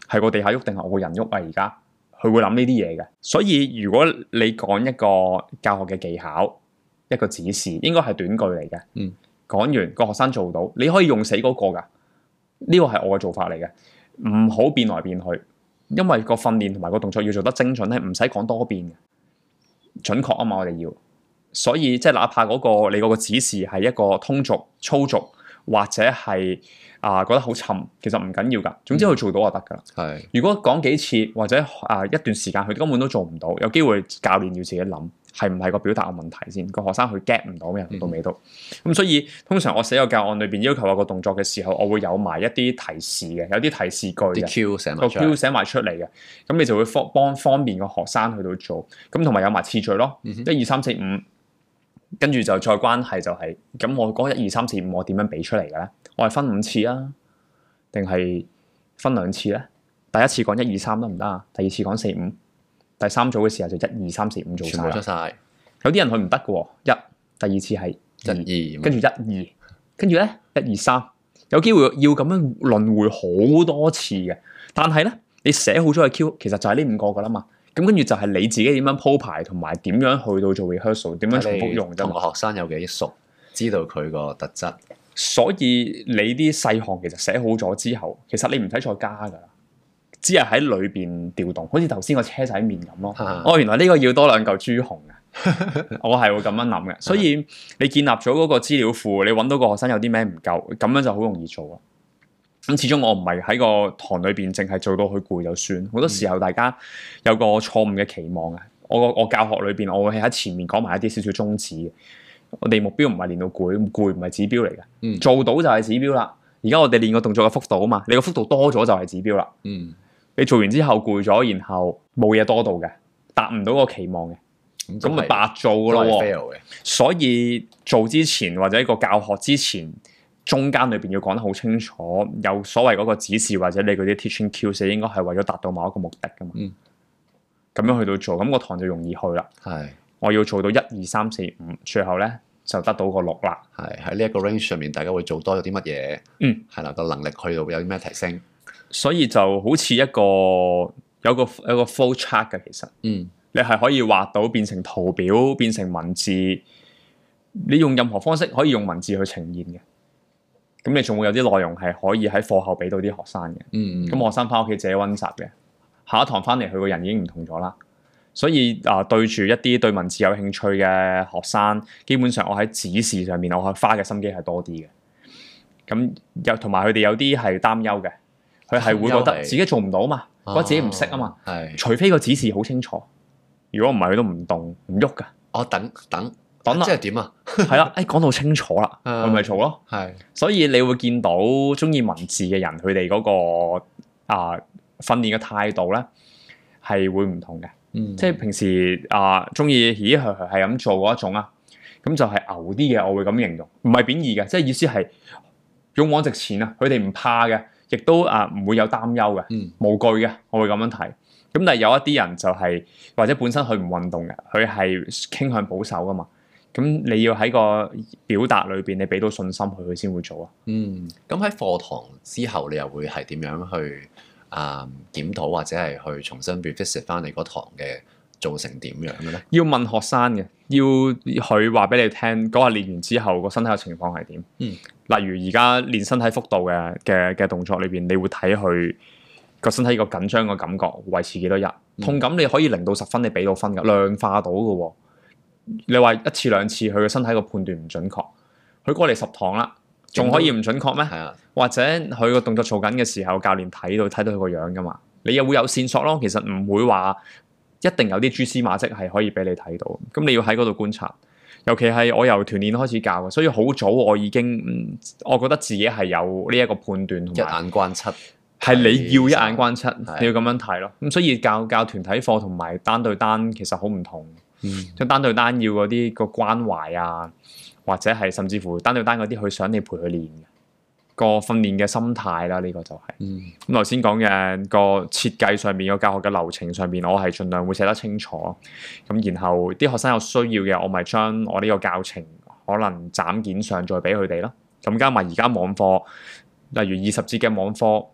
係個地下喐定係我個人喐啊？而家佢會諗呢啲嘢嘅，所以如果你講一個教學嘅技巧，一個指示，應該係短句嚟嘅。嗯。講完個學生做到，你可以用死嗰個㗎。呢、這個係我嘅做法嚟嘅，唔好、嗯、變來變去。因為個訓練同埋個動作要做得精準，咧，唔使講多遍嘅準確啊嘛，我哋要，所以即係哪怕嗰個你嗰個指示係一個通俗粗俗，或者係啊、呃、覺得好沉，其實唔緊要噶，總之佢做到就得噶啦。係、嗯，如果講幾次或者啊、呃、一段時間佢根本都做唔到，有機會教練要自己諗。係唔係個表達嘅問題先？個學生佢 get 唔到嘅，到未到？咁所以通常我寫個教案裏邊要求有個動作嘅時候，我會有埋一啲提示嘅，有啲提示句嘅，個 cue 寫埋出嚟嘅。咁、嗯、哼你就會幫幫方便個學生去到做。咁同埋有埋次序咯，一二三四五。跟住就再關係就係、是、咁，我講一二三四五，我點樣俾出嚟嘅咧？我係分五次啊，定係分兩次咧？第一次講一二三得唔得啊？第二次講四五？第三組嘅時候就一二三四五做晒。有啲人佢唔得嘅喎，一第二次係二，跟住一二，跟住咧一二三，有機會要咁樣輪迴好多次嘅。但係咧，你寫好咗個 Q 其實就係呢五個嘅啦嘛。咁跟住就係你自己點樣鋪排同埋點樣去到做 rehearsal 點樣重複用就同學生有幾熟，知道佢個特質。所以你啲細項其實寫好咗之後，其實你唔使再加噶喇。只係喺裏邊調動，好似頭先個車仔麵咁咯。的哦，原來呢個要多兩嚿豬紅呀， [LAUGHS] 我係會咁樣諗嘅。所以你建立咗嗰個資料庫，你揾到個學生有啲咩唔夠，咁樣就好容易做啊。咁始終我唔係喺個堂裏邊，淨係做到佢攰就算。好多時候大家有個錯誤嘅期望啊！嗯、我我教學裏邊，我會喺前面講埋一啲少少宗旨。我哋目標唔係練到攰，攰唔係指標嚟嘅。做到就係指標啦。而家我哋練個動,動作嘅幅度啊嘛，你個幅度多咗就係指標啦。嗯你做完之後攰咗，然後冇嘢多到嘅，達唔到個期望嘅，咁咪、嗯就是、白做咯。所以做之前或者個教學之前，中間裏邊要講得好清楚，有所謂嗰個指示或者你嗰啲 teaching cues，應該係為咗達到某一個目的噶嘛。嗯。咁樣去到做，咁個堂就容易去啦。係是。我要做到一二三四五，最後咧就得到個六啦。係喺呢一個 range 上面，大家會做多咗啲乜嘢？嗯。係啦，個能力去到有啲咩提升？所以就好似一個有一個有個 flow chart 嘅，其實、嗯、你係可以畫到變成圖表，變成文字。你用任何方式可以用文字去呈現嘅。咁你仲會有啲內容係可以喺課後俾到啲學生嘅。咁、嗯嗯、學生翻屋企自己溫習嘅，下一堂翻嚟佢個人已經唔同咗啦。所以啊、呃，對住一啲對文字有興趣嘅學生，基本上我喺指示上面我係花嘅心機係多啲嘅。咁又同埋佢哋有啲係擔憂嘅。佢係會覺得自己做唔到、啊、覺得嘛，或者自己唔識啊嘛。除非個指示好清楚，如果唔係，佢都唔動唔喐㗎。哦、喔，等等，等，等，等即係點啊？係 [LAUGHS] 啦， [LAUGHS] 誒講到清楚啦，佢咪、啊、做咯。係是，所以你會見到中意文字嘅人，佢哋嗰個啊訓練嘅態度咧係會唔同嘅。即係、嗯、平時啊，中意嘻嘻係咁做嗰、嗯就是、一種啊，咁就係牛啲嘅，我會咁形容，唔係貶義嘅，即係意思係勇往直前啊！佢哋唔怕嘅。亦都啊，唔會有擔憂嘅，冇、嗯、懼嘅，我會咁樣睇。咁但係有一啲人就係、是、或者本身佢唔運動嘅，佢係傾向保守㗎嘛。咁你要喺個表達裏邊，你俾到信心佢，佢先會做啊。嗯，咁喺課堂之後，你又會係點樣去啊、呃、檢討或者係去重新 refit 返你嗰堂嘅？做成點樣嘅咧？要問學生嘅，要佢話俾你聽，嗰日練完之後個身體嘅情況係點？嗯，例如而家練身體幅度嘅嘅嘅動作裏邊，你會睇佢個身體個緊張個感覺維持幾多日？痛感、嗯、你可以零到十分，你俾到分噶，量化到噶、哦。你話一次兩次，佢嘅身體個判斷唔準確，佢過嚟十堂啦，仲可以唔準確咩？係啊多，或者佢個動作做緊嘅時候，教練睇到睇到佢個樣噶嘛，你又會有線索咯。其實唔會話。一定有啲蛛絲馬跡係可以俾你睇到，咁你要喺嗰度觀察。尤其係我由團練開始教嘅，所以好早我已經，我覺得自己係有呢一個判斷同埋一眼關七。係你要一眼關七，的你要咁樣睇咯。咁所以教教團體課同埋單對單其實好唔同，即、嗯、單對單要嗰啲個關懷啊，或者係甚至乎單對單嗰啲佢想你陪佢練。個訓練嘅心態啦，呢、這個就係。嗯，咁頭先講嘅個設計上面，個教學嘅流程上面，我係盡量會寫得清楚。咁、啊、然後啲學生有需要嘅，我咪將我呢個教程可能斬件上載俾佢哋咯。咁加埋而家網課，例如二十節嘅網課。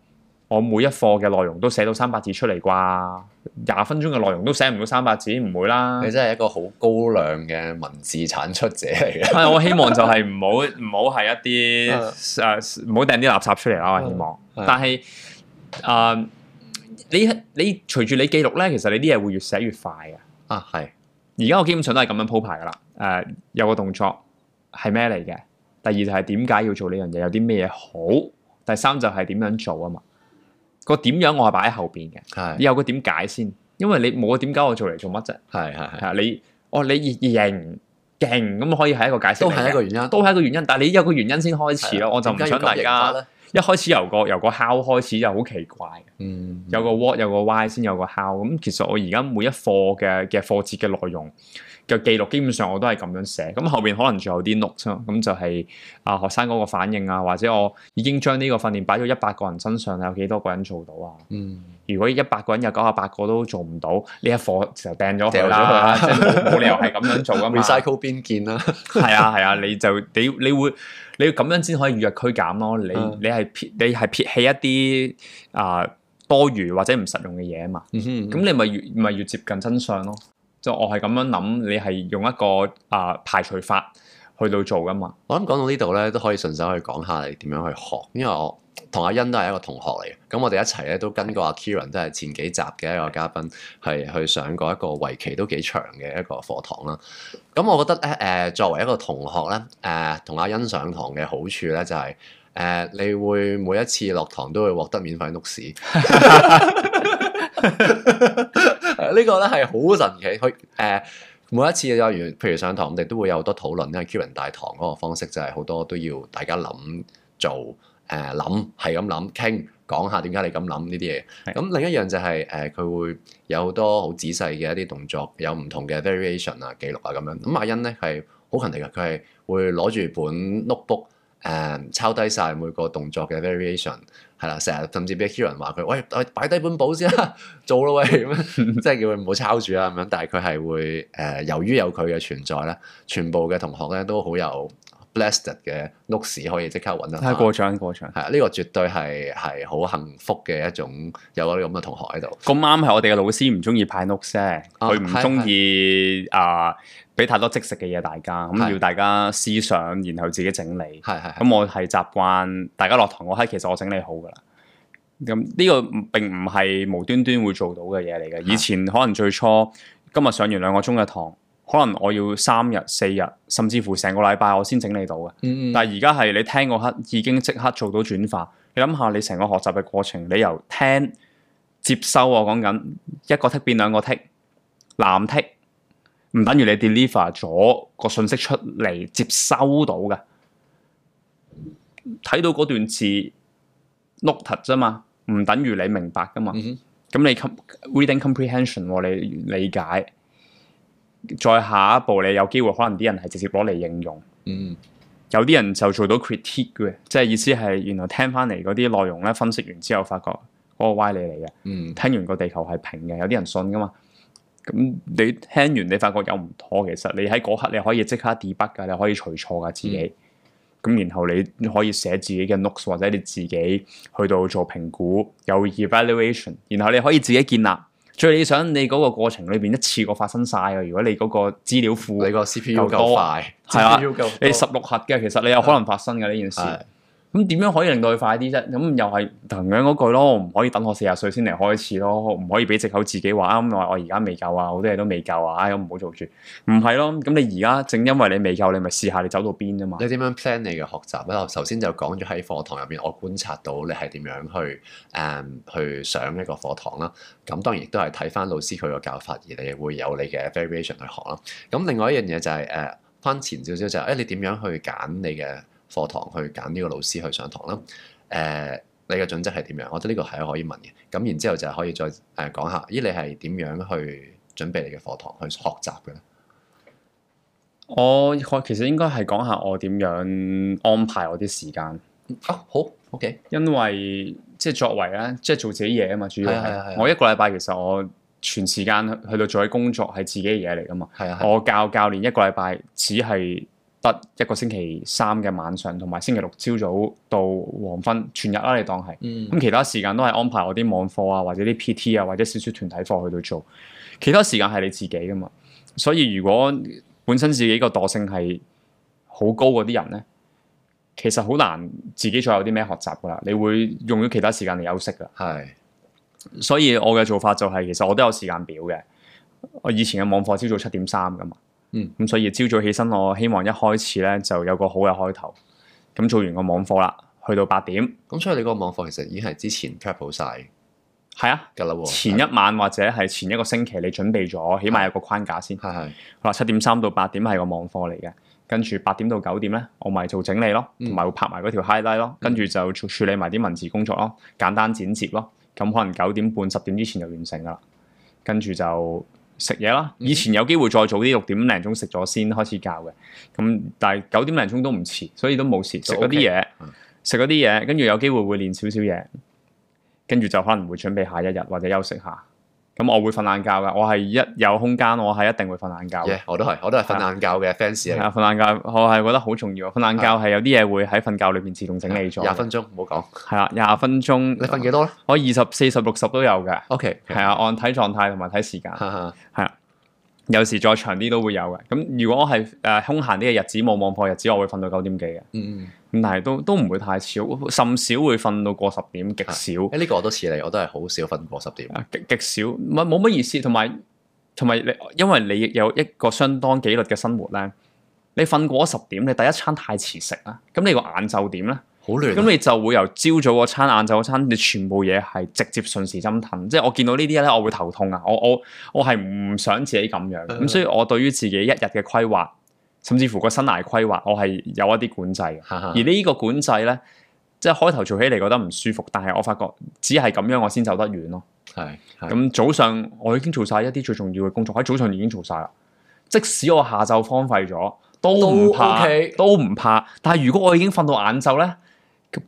我每一課嘅內容都寫到三百字出嚟啩，廿分鐘嘅內容都寫唔到三百字，唔會啦。你真係一個好高量嘅文字產出者嚟嘅。係 [LAUGHS] [LAUGHS] 我希望就係唔好，唔好係一啲誒唔好掟啲垃圾出嚟啦。我希望。但係啊，uh，你你隨住你記錄咧，其實你啲嘢會越寫越快嘅。啊，係。而家我基本上都係咁樣鋪排噶啦。誒，uh，有個動作係咩嚟嘅？第二就係點解要做呢樣嘢，有啲咩嘢好？第三就係點樣做啊嘛。個點樣我係擺喺後邊嘅，的你有個點解先，因為你冇個點解我做嚟做乜啫。係係係你，哦你型勁咁可以係一個解釋，都係一個原因，都係一個原因。但係你有個原因先開始咯，的我就唔想大家大一開始由個由個 how 開始就好奇怪嗯，有個 what 有個 why 先有,有個 how 咁，其實我而家每一課嘅嘅課節嘅內容。嘅記錄基本上我都係咁樣寫，咁後邊可能仲有啲 note 咁就係、是、啊學生嗰個反應啊，或者我已經將呢個訓練擺到一百個人身上，有幾多個人做到啊？嗯，如果一百個人有九十八個都做唔到，呢、這、一、個、課就掟咗佢。冇理由係咁樣做噶嘛。 [LAUGHS] 邊件啦？係啊係 [LAUGHS] 啊，啊，你就你你會你要咁樣先可以與日俱減咯，你你係撇你係撇棄一啲啊、呃、多餘或者唔實用嘅嘢啊嘛，咁你咪越咪越接近真相咯。我係咁樣諗，你係用一個啊排除法去到做噶嘛？我諗講到呢度咧，都可以順手去講下你點樣去學，因為我同阿恩都係一個同學嚟嘅。咁我哋一齊咧都跟過阿 Kieran，都係前幾集嘅一個嘉賓，係去上過一個為期都幾長嘅一個課堂啦。咁我覺得咧，誒、呃、作為一個同學咧，誒、呃、同阿恩上堂嘅好處咧、就係，就係誒你會每一次落堂都會獲得免費碌屎。 [LAUGHS] [LAUGHS] [LAUGHS] 啊，這個、呢個咧係好神奇，佢、啊、誒每一次有完，譬如上堂，我哋都會有好多討論，因為 Q 仁大堂嗰個方式就係好多都要大家諗做誒諗，係咁諗，傾講下點解你咁諗呢啲嘢。咁的另一樣就係、是、誒，佢、呃、會有好多好仔細嘅一啲動作，有唔同嘅 variation 啊，記錄啊咁樣。咁阿欣咧係好勤力嘅，佢係會攞住本 notebook 誒、呃、抄低晒每個動作嘅 variation。係啦，成日、 [NOISE] 嗯、甚至俾 Hiron 話佢：喂，我擺低本簿先啦，做咯喂，咁樣即係叫佢唔好抄住啊咁樣。但係佢係會誒、呃，由於有佢嘅存在咧，全部嘅同學咧都好有。Blasted 嘅 looks 可以即刻揾得，過獎過獎。係啊，呢個絕對係係好幸福嘅一種，有啲咁嘅同學喺度。咁啱係我哋嘅老師唔中意派 notes，佢唔中意啊俾係，呃，太多即食嘅嘢大家，咁係係要大家思想，然後自己整理。係係。咁我係習慣大家落堂嗰陣，其實我整理好㗎喇。咁呢個並唔係無端端會做到嘅嘢嚟嘅。以前可能最初今日上完兩個鐘嘅堂。可能我要三日四日，甚至乎成個禮拜我先整理到嘅。嗯、但係而家係你聽嗰刻已經即刻做到轉化。你諗下你成個學習嘅過程，你由聽接收我講緊一個 tick 變兩個 tick，藍 tick 唔等於你 deliver 咗個信息出嚟接收到嘅，睇到嗰段字 note 睇啫嘛，唔等於你明白噶嘛。咁、嗯、哼你 com reading comprehension 你理，理解。再下一步，你有機會可能啲人係直接攞嚟應用。嗯，有啲人就做到 critique 嘅，即係意思係原來聽翻嚟嗰啲內容咧，分析完之後發覺嗰個歪理嚟嘅。嗯，聽完個地球係平嘅，有啲人信噶嘛。咁你聽完你發覺有唔妥，其實你喺嗰刻你可以即刻 debug 噶，你可以除錯噶自己。咁、嗯、然後你可以寫自己嘅 notes，或者你自己去到做評估，有 evaluation，然後你可以自己建立。最理想你嗰個過程裏邊一次過發生曬啊！如果你嗰個資料庫，你個 CPU 夠快，係啊，啊你十六核嘅，其實你有可能發生嘅呢件事。咁點樣可以令到佢快啲啫？咁又係同樣嗰句咯，唔可以等我四十歲先嚟開始咯，唔可以俾藉口自己話咁話我而家未夠啊，好多嘢都未夠啊，唉，唔好做住。唔係咯，咁你而家正因為你未夠，你咪試下你走到邊啊嘛。你點樣 plan 你嘅學習咧？我頭先就講咗喺課堂入面，我觀察到你係點樣去誒、um, 去上一個課堂啦。咁當然亦都係睇返老師佢個教法，而你會有你嘅 variation 去學啦。咁另外一樣嘢就係、是、誒、uh, 返前少少就誒、是哎，你點樣去揀你嘅課堂去揀呢個老師去上堂啦，誒、呃，你嘅準則係點樣？我覺得呢個係可以問嘅。咁然之後就可以再誒講下，咦，你係點樣去準備你嘅課堂去學習嘅咧？我我其實應該係講下我點樣安排我啲時間啊？好 OK，因為即係、就是、作為咧，即、就、係、是、做自己嘢啊嘛。主要係、啊啊、我一個禮拜其實我全時間去到做嘅工作係自己嘅嘢嚟㗎嘛。係啊，啊我教教練一個禮拜只係，得一個星期三嘅晚上，同埋星期六朝早到黃昏全日啦、啊，你當係。咁、嗯、其他時間都係安排我啲網課啊，或者啲 PT 啊，或者少少團體課去到做。其他時間係你自己噶嘛，所以如果本身自己個惰性係好高嗰啲人咧，其實好難自己再有啲咩學習噶啦，你會用咗其他時間嚟休息噶。係，是的 所以我嘅做法就係、是、其實我都有時間表嘅。我以前嘅網課朝早七點三噶嘛。嗯，咁所以朝早起身，我希望一開始咧就有個好嘅開頭。咁做完個網課啦，去到八點。咁所以你個網課其實已經係之前 cap 好曬。係啊，前一晚或者係前一個星期你準備咗，起碼有個框架先。係係。嗱，七點三到八點係個網課嚟嘅，跟住八點到九點咧，我咪做整理咯，同埋會拍埋嗰條 highlight 咯，跟住就處理埋啲文字工作咯，簡單剪接咯，咁可能九點半十點之前就完成㗎啦，跟住就。食嘢啦，以前有機會再早啲六點零鐘食咗先開始教嘅，咁但係九點零鐘都唔遲，所以都冇事。食嗰啲嘢，食嗰啲嘢，跟住有機會會練少少嘢，跟住就可能會準備下一日或者休息下。咁我會瞓懶覺噶，我係一有空間，我係一定會瞓懶覺嘅、yeah。我都係，我都係瞓懶覺嘅 fans 嚟。瞓懶覺，我係覺得好重要。瞓懶覺係有啲嘢會喺瞓覺裏邊自動整理咗。廿、yeah. 分鐘，唔好講。係啦，廿分鐘。你瞓幾多咧？我二十、四十、六十都有嘅。OK，係啊，按睇狀態同埋睇時間。係啊，有時再長啲都會有嘅。咁如果我係誒空閒啲嘅日子，冇網課日子，我會瞓到九點幾嘅。嗯、mm。Hmm. 但係都都唔會太少，甚少會瞓到過十點，極少。誒呢個我都似你，我都係好少瞓過十點，極極少，冇冇乜意思。同埋同埋，你，因為你有一個相當紀律嘅生活咧，你瞓過十點，你第一餐太遲食啦，咁你個晏晝點咧？好亂啊。咁你就會由朝早嗰餐、晏晝嗰餐，你全部嘢係直接順時針騰。即係我見到呢啲咧，我會頭痛啊！我我我係唔想自己咁樣。咁所以我對於自己一日嘅規劃。甚至乎個生涯規劃，我係有一啲管制嘅。而呢個管制咧，即係開頭做起嚟覺得唔舒服，但係我發覺只係咁樣，我先走得遠咯，啊。係，咁早上我已經做晒一啲最重要嘅工作，喺早上已經做晒啦。即使我下晝荒廢咗，都唔怕，都唔怕，怕。但係如果我已經瞓到晏晝咧？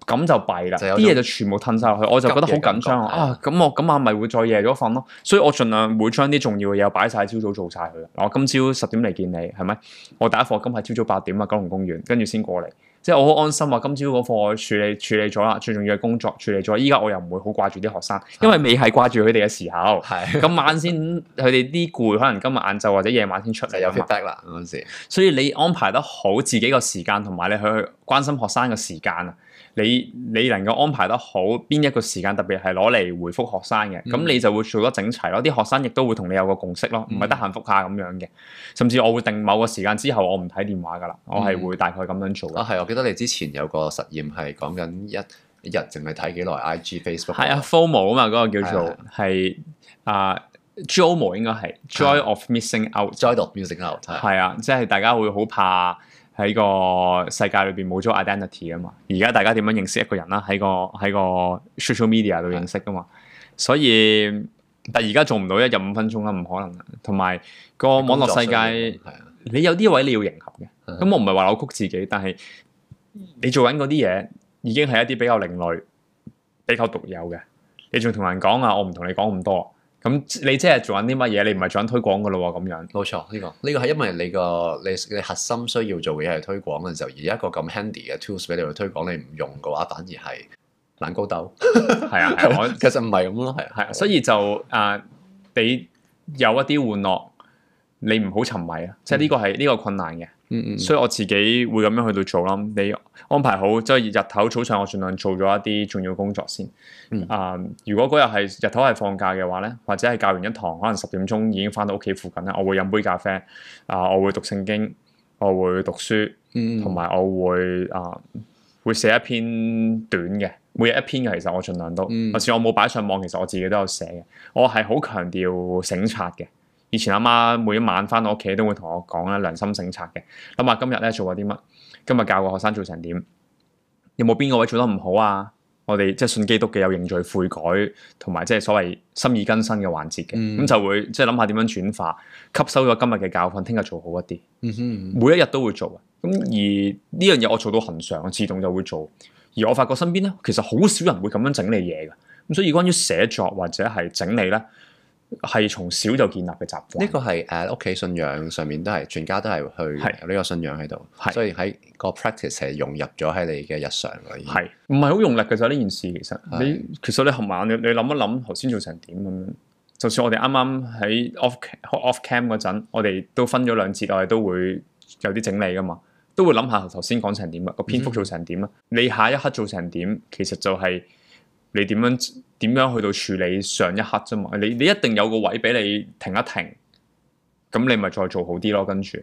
咁就弊啦，啲嘢就，就全部褪晒落去，我就覺得好緊張啊！咁的我今晚咪會再夜咗瞓咯，所以我盡量會將啲重要嘅嘢擺晒，朝早做晒佢。我今朝十點嚟見你，係咪？我第一課今係朝早八點啊，九龍公園，跟住先過嚟，即係我好安心啊。今朝嗰課我處理處理咗啦，最重要嘅工作處理咗，依家我又唔會好掛住啲學生，因為未係掛住佢哋嘅時候，咁的晚先佢哋啲攰，可能今日晏晝或者夜晚先出嚟的有得啦嗰時。所以你安排得好自己個時間，同埋你去關心學生嘅時間啊。你你能夠安排得好邊一個時間特別係攞嚟回覆學生嘅，咁、嗯、你就會做得整齊咯。啲學生亦都會同你有個共識咯，唔係、嗯、得閒復下咁樣嘅。甚至我會定某個時間之後，我唔睇電話噶啦，嗯、我係會大概咁樣做。啊，係、啊，我記得你之前有個實驗係講緊一日淨係睇幾耐 IG Facebook、啊。係啊 FOMO 啊嘛，嗰、那個叫做係啊，啊 JOMO 應該係 joy,、啊、missing joy of missing out，joy of missing out。係啊，即係、啊就是、大家會好怕。喺個世界裏邊冇咗 identity 啊嘛，而家大家點樣認識一個人啦、啊？喺個喺個 social media 度認識噶嘛，的所以但係而家做唔到一日五分鐘啦，唔可能同埋、個網絡世界，有你有啲位你要迎合嘅，咁的我唔係話扭曲自己，但係你做緊嗰啲嘢已經係一啲比較另類、比較獨有嘅。你仲同人講啊，我唔同你講咁多。咁你即係做緊啲乜嘢？你唔係做緊推廣㗎咯喎？咁樣，冇錯呢個呢、這個係因為你個你你核心需要做嘢，係推廣嘅時候，而一個咁 handy 嘅 tools 俾你去推廣，你唔用嘅話，反而係懶高竇，係 [LAUGHS] 啊，啊 [LAUGHS] 其實唔係咁咯，係係、啊啊，所以就啊，uh, 你有一啲玩樂，你唔好沉迷啊，即係呢個係呢、嗯、個困難嘅。嗯、mm hmm. 所以我自己會咁樣去到做啦。你安排好，即係日頭早上我儘量做咗一啲重要工作先。啊、mm hmm. 呃，如果嗰日係日頭係放假嘅話咧，或者係教完一堂，可能十點鐘已經翻到屋企附近咧，我會飲杯咖啡。啊、呃，我會讀聖經，我會讀書，同埋、mm hmm. 我會啊、呃，會寫一篇短嘅，每日一篇嘅。其實我儘量都，就算、mm hmm. 我冇擺上網，其實我自己都有寫嘅。我係好強調省察嘅。以前阿媽每一晚翻到屋企都會同我講咧，良心省察嘅，諗下今日咧做過啲乜，今日教個學生做成點，有冇邊個位做得唔好啊？我哋即係信基督嘅，有認罪悔改同埋即係所謂心意更新嘅環節嘅，咁、嗯、就會即係諗下點樣轉化，吸收咗今日嘅教訓，聽日做好一啲。嗯嗯，每一日都會做嘅。咁而呢樣嘢我做到恒常，我自動就會做。而我發覺身邊咧，其實好少人會咁樣整理嘢嘅。咁所以關於寫作或者係整理咧。係從小就建立嘅習慣，呢個係誒屋企信仰上面都係全家都係去呢是個信仰喺度，是所以喺、這個 practice 係融入咗喺你嘅日常咯。係唔係好用力嘅就呢件事其是？其實你其實你尋晚你你諗一諗頭先做成點咁樣？就算我哋啱啱喺 off off cam 嗰陣，我哋都分咗兩次，我哋都會有啲整理噶嘛，都會諗下頭先講成點啊，個篇幅做成點啊，嗯、哼你下一刻做成點？其實就係、是。你點樣點樣去到處理上一刻啫嘛？你你一定有個位俾你停一停，咁你咪再做好啲咯。跟住，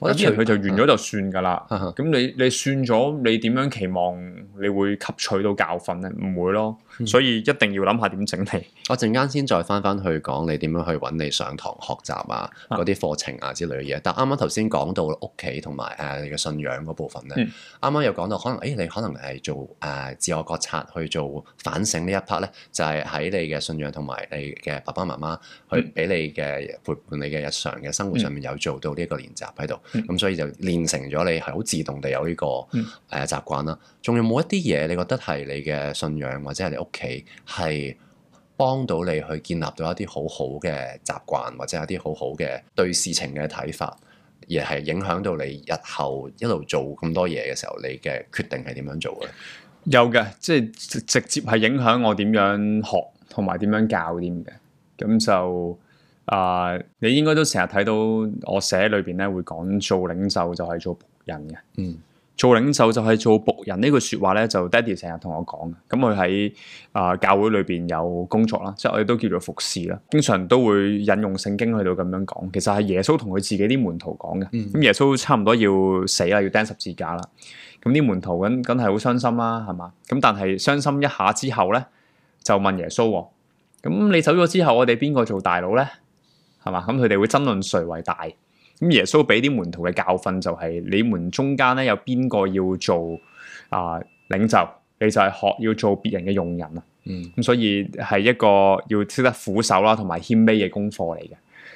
有啲人佢就完咗就算噶啦。咁 [LAUGHS] 你你算咗，你點樣期望你會吸取到教訓咧？唔會咯。所以一定要諗下點整理、嗯。我陣間先再翻翻去講你點樣去揾你上堂學習啊，嗰啲、啊、課程啊之類嘅嘢。但啱啱頭先講到屋企同埋誒你嘅信仰嗰部分咧，啱啱、嗯、又講到可能誒、欸、你可能係做誒、呃、自我覺察去做反省一呢一 part 咧，就係、是、喺你嘅信仰同埋你嘅爸爸媽媽去俾你嘅陪伴你嘅日常嘅生活上面有做到呢一個練習喺度，咁、嗯嗯、所以就練成咗你係好自動地有呢、這個誒、呃、習慣啦。仲有冇一啲嘢，你覺得係你嘅信仰或者係你屋企係幫到你去建立到一啲好好嘅習慣或者一啲好好嘅對事情嘅睇法，而係影響到你日後一路做咁多嘢嘅時候，你嘅決定係點樣做嘅？有嘅，即係直接係影響我點樣學同埋點樣教啲嘅。咁就啊、呃，你應該都成日睇到我寫裏邊咧會講做領袖就係做僕人嘅，嗯。做領袖就係做僕人，句呢句説話咧，就爹 a 成日同我講。咁佢喺啊教會裏邊有工作啦，即係我哋都叫做服侍啦。經常都會引用聖經去到咁樣講，其實係耶穌同佢自己啲門徒講嘅。咁、嗯、耶穌差唔多要死啦，要釘十字架啦。咁啲門徒咁咁係好傷心啦，係嘛？咁但係傷心一下之後咧，就問耶穌，哦，咁你走咗之後，我哋邊個做大佬咧？係嘛？咁佢哋會爭論誰為大。咁耶穌俾啲門徒嘅教訓就係、是：你們中間咧有邊個要做啊、呃、領袖，你就係學要做別人嘅用人啊。嗯，咁所以係一個要識得俯首啦，同埋謙卑嘅功課嚟嘅。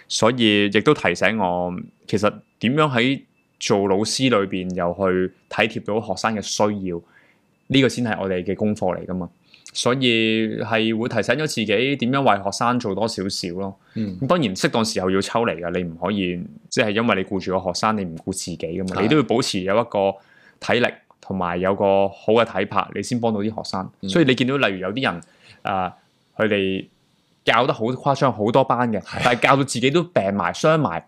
所以亦都提醒我，其實點樣喺做老師裏邊又去體貼到學生嘅需要，呢、這個先係我哋嘅功課嚟㗎嘛。所以係會提醒咗自己點樣為學生做多少少咯。咁、嗯、當然適當時候要抽離噶，你唔可以即係、就是、因為你顧住個學生，你唔顧自己噶嘛。的你都要保持有一個體力同埋有個好嘅體魄，你先幫到啲學生。嗯、所以你見到例如有啲人誒，佢、呃、哋教得好誇張，好多班嘅，但係教到自己都病埋傷埋。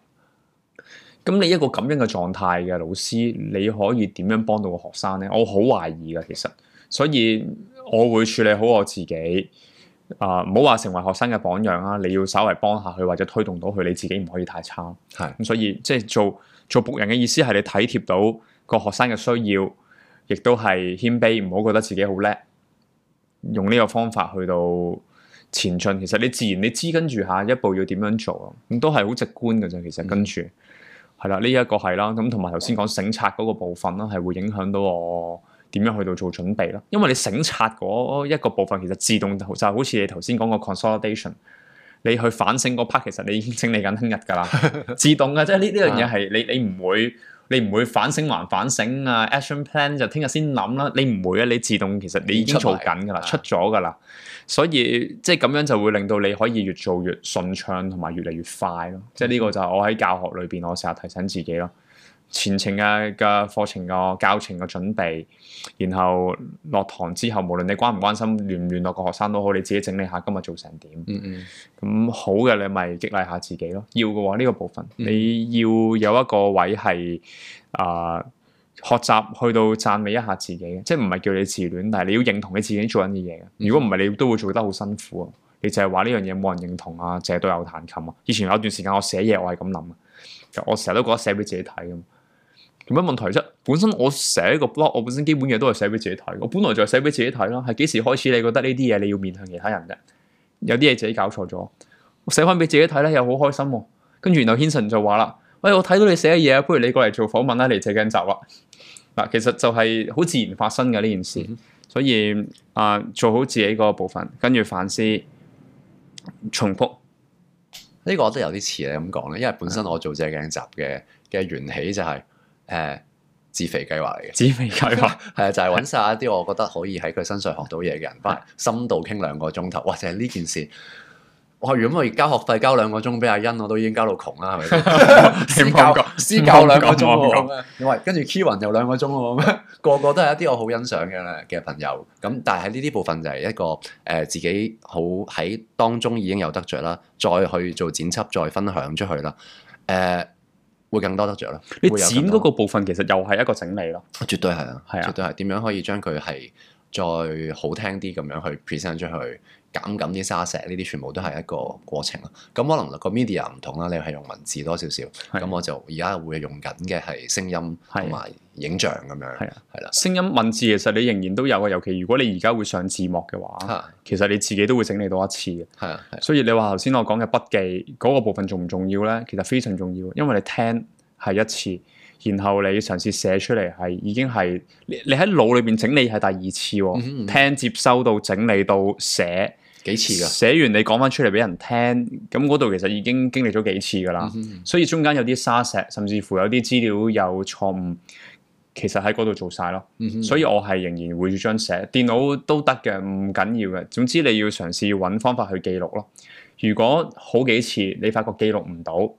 咁的你一個咁樣嘅狀態嘅老師，你可以點樣幫到個學生咧？我好懷疑噶，其實所以。我會處理好我自己，啊、呃，唔好話成為學生嘅榜樣啊。你要稍微幫下佢，或者推動到佢，你自己唔可以太差。係咁是，所以即係、就是、做做僕人嘅意思係你體貼到個學生嘅需要，亦都係謙卑，唔好覺得自己好叻，用呢個方法去到前進。其實你自然你知跟住下一步要點樣做，咁都係好直觀嘅啫。其實跟住係啦，呢一、嗯呢個係啦，咁同埋頭先講省察嗰個部分啦，係會影響到我。點樣去到做準備咯？因為你省察嗰一個部分其實自動就好似你頭先講個 consolidation，你去反省嗰 part 其實你已經整理緊聽日噶啦， [LAUGHS] 自動嘅即係呢呢樣嘢係你你唔會你唔會反省還反省啊，action plan 就聽日先諗啦，你唔會啊，你自動其實你已經做緊噶啦，出咗噶啦，了了的所以即係咁樣就會令到你可以越做越順暢同埋越嚟越快咯。即係呢、嗯、個就係我喺教學裏邊我成日提醒自己咯。前程嘅嘅課程個教程個準備，然後落堂之後，無論你關唔關心聯唔聯絡個學生都好，你自己整理下今日做成點。咁、嗯嗯、好嘅你咪激勵下自己咯。要嘅話呢、這個部分，嗯、你要有一個位係啊、呃、學習去到讚美一下自己，即係唔係叫你自戀，但係你要認同你自己做緊嘅嘢。如果唔係你都會做得好辛苦啊。你淨係話呢樣嘢冇人認同啊，淨係都有彈琴啊。以前有段時間我寫嘢我係咁諗啊，我成日都覺得寫俾自己睇咁。做咩問題出？本身我寫個 blog，我本身基本嘢都係寫俾自己睇。我本來就係寫俾自己睇啦。係幾時開始？你覺得呢啲嘢你要面向其他人嘅？有啲嘢自己搞錯咗，我寫翻俾自己睇咧，又好開心、啊。跟住然後，Hinson 就話啦，喂，我睇到你寫嘅嘢，不如你過嚟做訪問啦，嚟借鏡集啦。嗱，其實就係好自然發生嘅呢件事。嗯、所以啊、呃，做好自己嗰個部分，跟住反思、重複。呢個我都有啲遲咧咁講咧，因為本身我做借鏡集嘅嘅緣起就係、是。誒，自肥計劃嚟嘅，自肥計劃係啊。 [LAUGHS] 就係揾晒一啲我覺得可以喺佢身上學到嘢嘅人，翻嚟深度傾兩個鐘頭，或者係呢件事，我如果我要交學費交兩個鐘俾阿欣，我都已經交到窮啦，係咪？ [LAUGHS] 私教、私教兩個鐘，因跟住 Kevin 又兩個鐘，個懂懂個都係一啲我好欣賞嘅嘅朋友。咁但係喺呢啲部分就係一個誒、呃、自己好喺當中已經有得着啦，再去做剪輯，再分享出去啦。誒、呃。呃會更多得着咯，你剪嗰個部分其實又係一個整理咯，絕對係啊，係啊，絕對係。點樣可以將佢係再好聽啲咁樣去 present 出去？減減啲沙石，呢啲全部都係一個過程咯。咁可能個 media 唔同啦，你係用文字多少少，咁的我就而家會用緊嘅係聲音同埋影像咁樣。係啊，係啦。聲音文字其實你仍然都有嘅，尤其如果你而家會上字幕嘅話，啊、其實你自己都會整理到一次嘅。係啊，係。所以你話頭先我講嘅筆記嗰、那個部分重唔重要咧？其實非常重要，因為你聽係一次。然後你嘗試寫出嚟，係已經係你喺腦裏邊整理係第二次。嗯、嗯，聽接收到整理到，寫幾次嘅，寫完你講翻出嚟俾人聽，咁嗰度其實已經經歷咗幾次㗎啦，嗯、嗯，所以中間有啲沙石，甚至乎有啲資料有錯誤，其實喺嗰度做晒咯。嗯、嗯，所以我係仍然會將寫電腦都得嘅，唔緊要嘅。總之你要嘗試要揾方法去記錄咯。如果好幾次你發覺記錄唔到。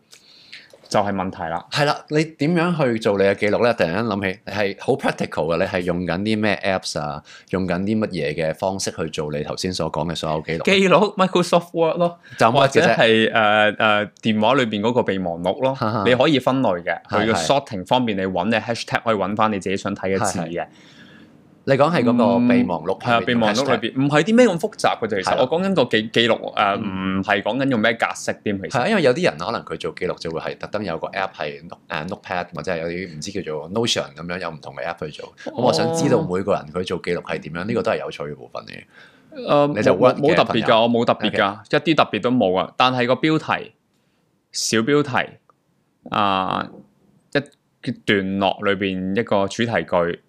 就係問題啦，係啦，你點樣去做你嘅記錄咧？突然間諗起，你係好 practical 嘅，你係用緊啲咩 apps 啊？用緊啲乜嘢嘅方式去做你頭先所講嘅所有記錄？記錄 Microsoft Word 咯，就或者係誒誒電話裏邊嗰個備忘錄咯。 [LAUGHS] 你可以分類嘅，佢嘅 [LAUGHS] sorting 方便你揾你 hashtag 可以揾翻你自己想睇嘅字嘅。 [LAUGHS] 你講係嗰個備忘錄，係啊、嗯，是是備忘錄裏邊唔係啲咩咁複雜嘅啫。其實的我講緊個記記錄誒，唔係講緊用咩格式添。其實因為有啲人可能佢做記錄就會係特登有個 app 係誒 Notepad 或者係有啲唔知叫做 Notion 咁樣有唔同嘅 app 去做。咁、哦、我想知道每個人佢做記錄係點樣，呢、呢個都係有趣嘅部分嚟嘅。誒冇冇特別㗎，我冇特別㗎，okay? 一啲特別都冇啊。但係個標題、小標題啊、呃，一段落裏邊一個主題句。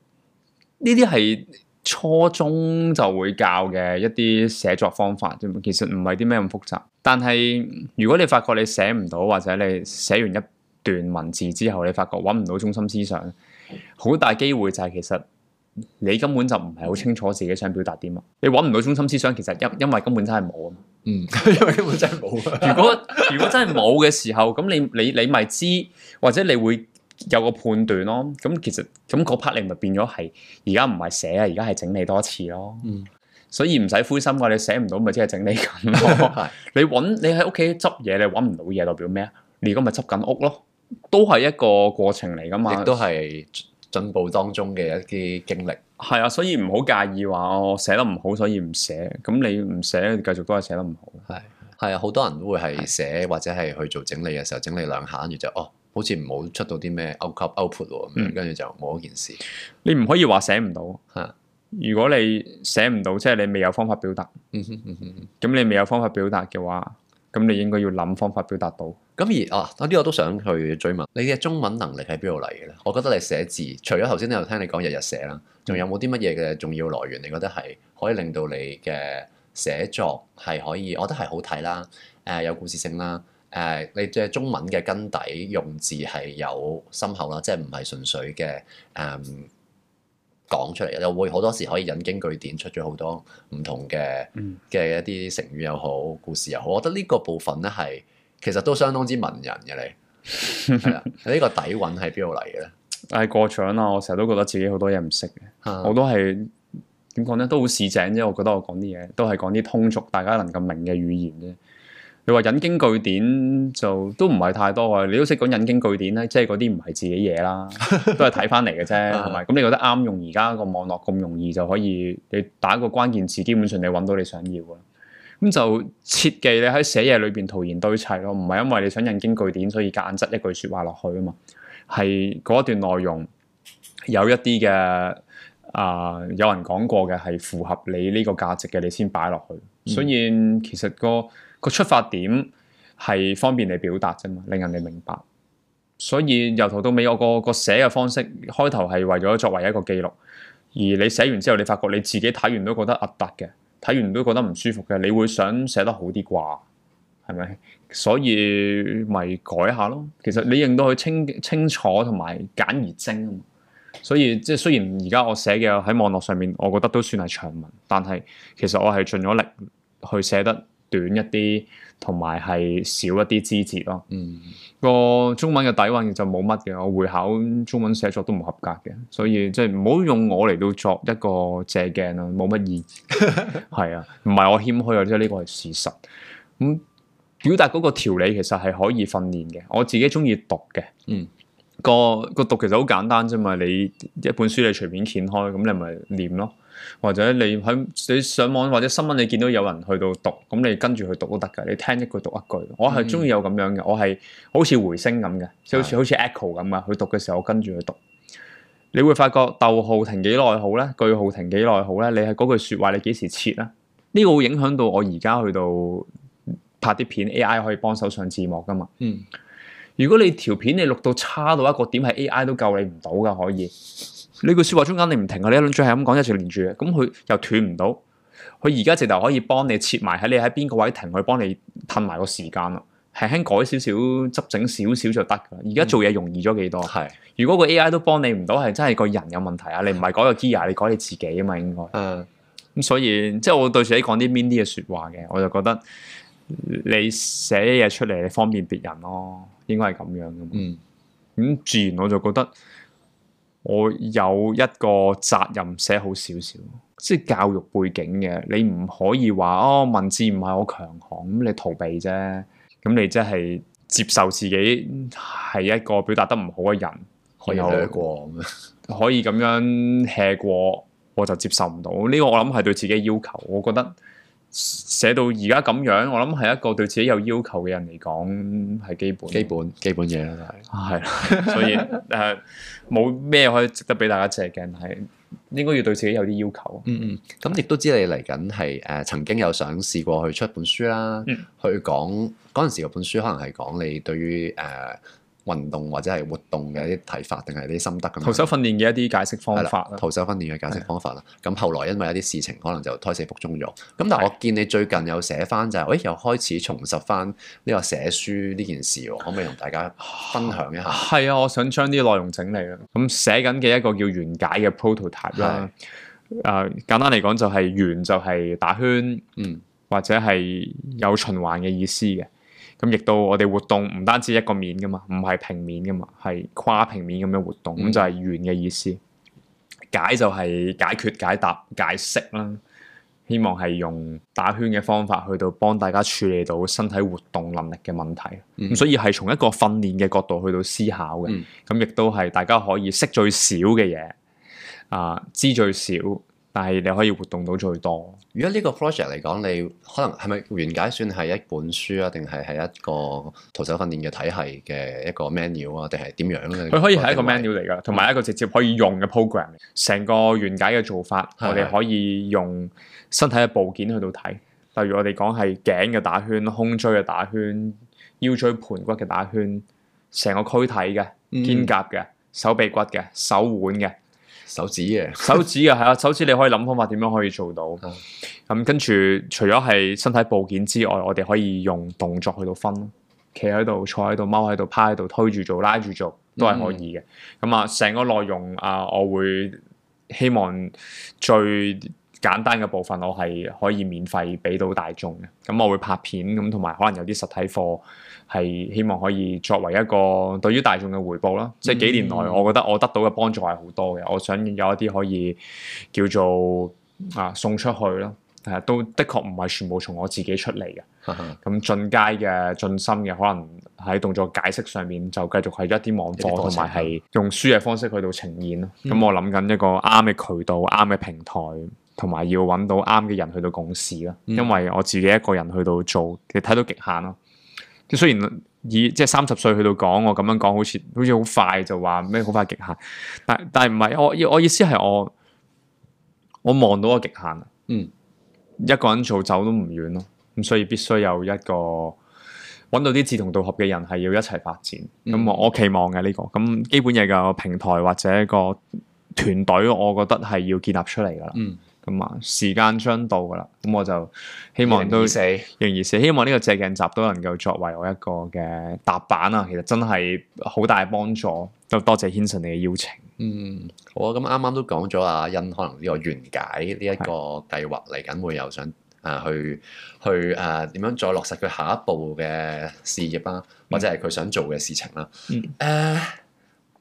呢啲係初中就會教嘅一啲寫作方法，其實唔係啲咩咁複雜。但係如果你發覺你寫唔到，或者你寫完一段文字之後，你發覺揾唔到中心思想，好大機會就係其實你根本就唔係好清楚自己想表達啲乜。你揾唔到中心思想，其實因為根本真係冇啊、嗯、 [LAUGHS] 因為根本真係冇啊。嗯，因為根本真係冇。如果如果真係冇嘅時候，咁你你你咪知，或者你會。有個判斷咯，咁、嗯、其實咁嗰 part 你咪變咗係而家唔係寫啊，而家係整理多次咯。嗯，所以唔使灰心㗎，你寫唔到咪即係整理緊咯。係 [LAUGHS] 是的，你揾你喺屋企執嘢，你揾唔到嘢，代表咩啊？你而家咪執緊屋咯，都係一個過程嚟㗎嘛。亦都係進步當中嘅一啲經歷。係啊、嗯嗯，所以唔好介意話我寫得唔好，所以唔寫。咁你唔寫，繼續都係寫得唔好。係係啊，好多人都會係寫或者係去做整理嘅時候，整理兩下然後就哦。好似唔好出到啲咩 output，跟住就冇嗰件事。你唔可以話寫唔到吓。哈如果你寫唔到，即係你未有方法表達，咁、嗯嗯、你未有方法表達嘅話，咁你應該要諗方法表達到。咁而啊，呢個我都想去追問。你嘅中文能力喺邊度嚟嘅咧？我覺得你寫字，除咗頭先都有聽你講日日寫啦，仲有冇啲乜嘢嘅重要來源？你覺得係可以令到你嘅寫作係可以，我覺得係好睇啦。誒、呃，有故事性啦。誒，uh, 你嘅中文嘅根底用字係有深厚啦，即係唔係純粹嘅誒、嗯、講出嚟，又會好多時可以引經據典，出咗好多唔同嘅嘅一啲成語又好，故事又好。我覺得呢個部分咧係其實都相當之文人嘅你。係、 [LAUGHS] 這個、啊，呢個底蘊喺邊度嚟嘅咧？誒，過獎啦，我成日都覺得自己好多嘢唔識嘅，啊、我都係點講咧，都好市井啫。我覺得我講啲嘢都係講啲通俗，大家能夠明嘅語言啫。你話引經據典就都唔係太多喎，你都識講引經據典咧，即係嗰啲唔係自己嘢啦，都係睇翻嚟嘅啫，係咪？ [LAUGHS] 咁你覺得啱用而家個網絡咁容易就可以，你打一個關鍵字，基本上你揾到你想要嘅啦。咁就切忌你喺寫嘢裏邊徒然堆砌咯，唔係因為你想引經據典所以夾硬執一句説話落去啊嘛，係嗰一段內容有一啲嘅啊，有人講過嘅係符合你呢個價值嘅，你先擺落去。所以其實、嗰個。嗯個出發點係方便你表達啫嘛，令人哋明白。所以由頭到尾，我個個寫嘅方式，開頭係為咗作為一個記錄。而你寫完之後，你發覺你自己睇完都覺得核突嘅，睇完都覺得唔舒服嘅，你會想寫得好啲啩？係咪？所以咪改下咯。其實你認到佢清清楚同埋簡而精啊嘛。所以即係雖然而家我寫嘅喺網絡上面，我覺得都算係長文，但係其實我係盡咗力去寫得短一啲，同埋係少一啲枝節咯。嗯，個中文嘅底蘊就冇乜嘅，我會考中文寫作都唔合格嘅，所以即係唔好用我嚟到作一個借鏡咯，冇乜意義。係啊， [LAUGHS] 唔係我謙虛啊，即係呢個係事實。咁表達嗰個條理其實係可以訓練嘅，我自己中意讀嘅。嗯，嗰個、嗰個讀其實好簡單啫嘛，你一本書你隨便掀開，咁你咪念咯。或者你喺你上網或者新聞你見到有人去到讀，咁你跟住去讀都得㗎。你聽一句讀一句，嗯、我係中意有咁樣嘅。我係好似回聲咁嘅，即好似好似 echo 咁嘅。去讀嘅時候，我跟住去讀。你會發覺逗號停幾耐好咧，句號停幾耐好咧。你係嗰句説話，你幾時切啊？呢、呢個會影響到我而家去到拍啲片，AI 可以幫手上字幕噶嘛？嗯，如果你條片你錄到差到一個點，係 AI 都救你唔到噶，可以。你句說話中間你唔停啊！你一輪嘴係咁講，一直連住嘅，咁佢又斷唔到。佢而家直頭可以幫你切埋，喺你喺邊個位停，佢幫你褪埋個時間咯，輕輕改少少執整少少就得噶。而家做嘢容易咗幾多？係、嗯、如果個 AI 都幫你唔到，係真係個人有問題啊！你唔係改個 key 啊，你改你自己啊嘛，應該。咁、嗯嗯、所以即係我對自己講啲 mean 啲嘅說話嘅，我就覺得你寫嘢出嚟，你方便別人咯，應該係咁樣嘅。嗯，咁、嗯、自然我就覺得。我有一個責任寫好少少，即係教育背景嘅，你唔可以話哦，文字唔係我強項，咁你逃避啫，咁你即係接受自己係一個表達得唔好嘅人，可以過， [LAUGHS] 可以咁樣 hea 過，我就接受唔到，呢、這個我諗係對自己要求，我覺得。寫到而家咁樣，我諗係一個對自己有要求嘅人嚟講係基本。基本基本嘢啦，都係是。 [LAUGHS] 所以誒冇咩可以值得俾大家借鏡，係應該要對自己有啲要求。嗯嗯，咁亦都知你嚟緊係誒曾經有想試過去出一本書啦，去講嗰陣時個本書可能係講你對於誒。呃運動或者係活動嘅一啲睇法，定係啲心得咁，徒手訓練嘅一啲解釋方法，徒手訓練嘅解釋方法啦。咁的後來因為有啲事情，可能就胎死腹中咗。咁但係我見你最近有寫翻就係、是，誒的又開始重拾翻呢個寫書呢件事喎，可唔可以同大家分享一下？係啊，我想將啲內容整理啊。咁寫緊嘅一個叫圓解嘅 prototype 啦的。誒、呃、簡單嚟講就係圓就係打圈，嗯或者係有循環嘅意思嘅。咁亦到我哋活動唔單止一個面㗎嘛，唔係平面㗎嘛，係跨平面咁樣活動，咁就係圓嘅意思。解就係解決、解答、解釋啦。希望係用打圈嘅方法去到幫大家處理到身體活動能力嘅問題。咁、嗯、所以係從一個訓練嘅角度去到思考嘅。咁亦、嗯、都係大家可以識最少嘅嘢，啊，知最少。但係你可以活動到最多。如果呢個 project 嚟講，你可能係咪圓解算係一本書啊？定係係一個徒手訓練嘅體系嘅一個 menu 啊？定係點樣咧？佢可以係一個 menu 嚟㗎，同埋、嗯、一個直接可以用嘅 program。成個圓解嘅做法，的我哋可以用身體嘅部件去到睇。例如我哋講係頸嘅打圈、胸椎嘅打圈、腰椎盤骨嘅打圈、成個軀體嘅肩胛嘅、手臂骨嘅、手腕嘅。手指嘅， [LAUGHS] 手指嘅係啊，手指你可以諗方法點樣可以做到。咁、 [LAUGHS] 嗯、跟住，除咗係身體部件之外，我哋可以用動作去到分，企喺度，坐喺度，踎喺度，趴喺度，推住做，拉住做，都係可以嘅。咁啊、嗯、成、嗯、個內容啊、呃，我會希望最。簡單嘅部分，我係可以免費俾到大眾嘅。咁我會拍片咁，同埋可能有啲實體課係希望可以作為一個對於大眾嘅回報啦。嗯、即係幾年來，我覺得我得到嘅幫助係好多嘅。我想有一啲可以叫做啊送出去咯，係、啊、都的確唔係全部從我自己出嚟嘅。咁呵進階嘅進深嘅，可能喺動作解釋上面就繼續係一啲網課，同埋係用書嘅方式去到呈現咯。咁、嗯、我諗緊一個啱嘅渠道、啱嘅平台。同埋要揾到啱嘅人去到共事啦，嗯、因為我自己一個人去到做，其實睇到極限咯。即雖然以即三十歲去到講，我咁樣講好似好似好快就話咩好快極限，但但係唔係我要，我意思係我我望到個極限啊。嗯，一個人做走都唔遠咯，咁所以必須有一個揾到啲志同道合嘅人係要一齊發展。咁、嗯、我，我期望嘅呢、這個咁基本嘢嘅平台或者一個團隊，我覺得係要建立出嚟噶啦。嗯。咁啊，時間將到噶啦，咁我就希望都仍然是是希望呢個借鏡集都能夠作為我一個嘅踏板啊，其實真係好大幫助。都多謝 Hanson 你嘅邀請。嗯，好啊，咁啱啱都講咗阿欣可能呢個圓解呢一個計劃嚟緊，的會又想啊去去啊點樣再落實佢下一步嘅事業啦、啊，或者係佢想做嘅事情啦、啊。嗯，誒、uh,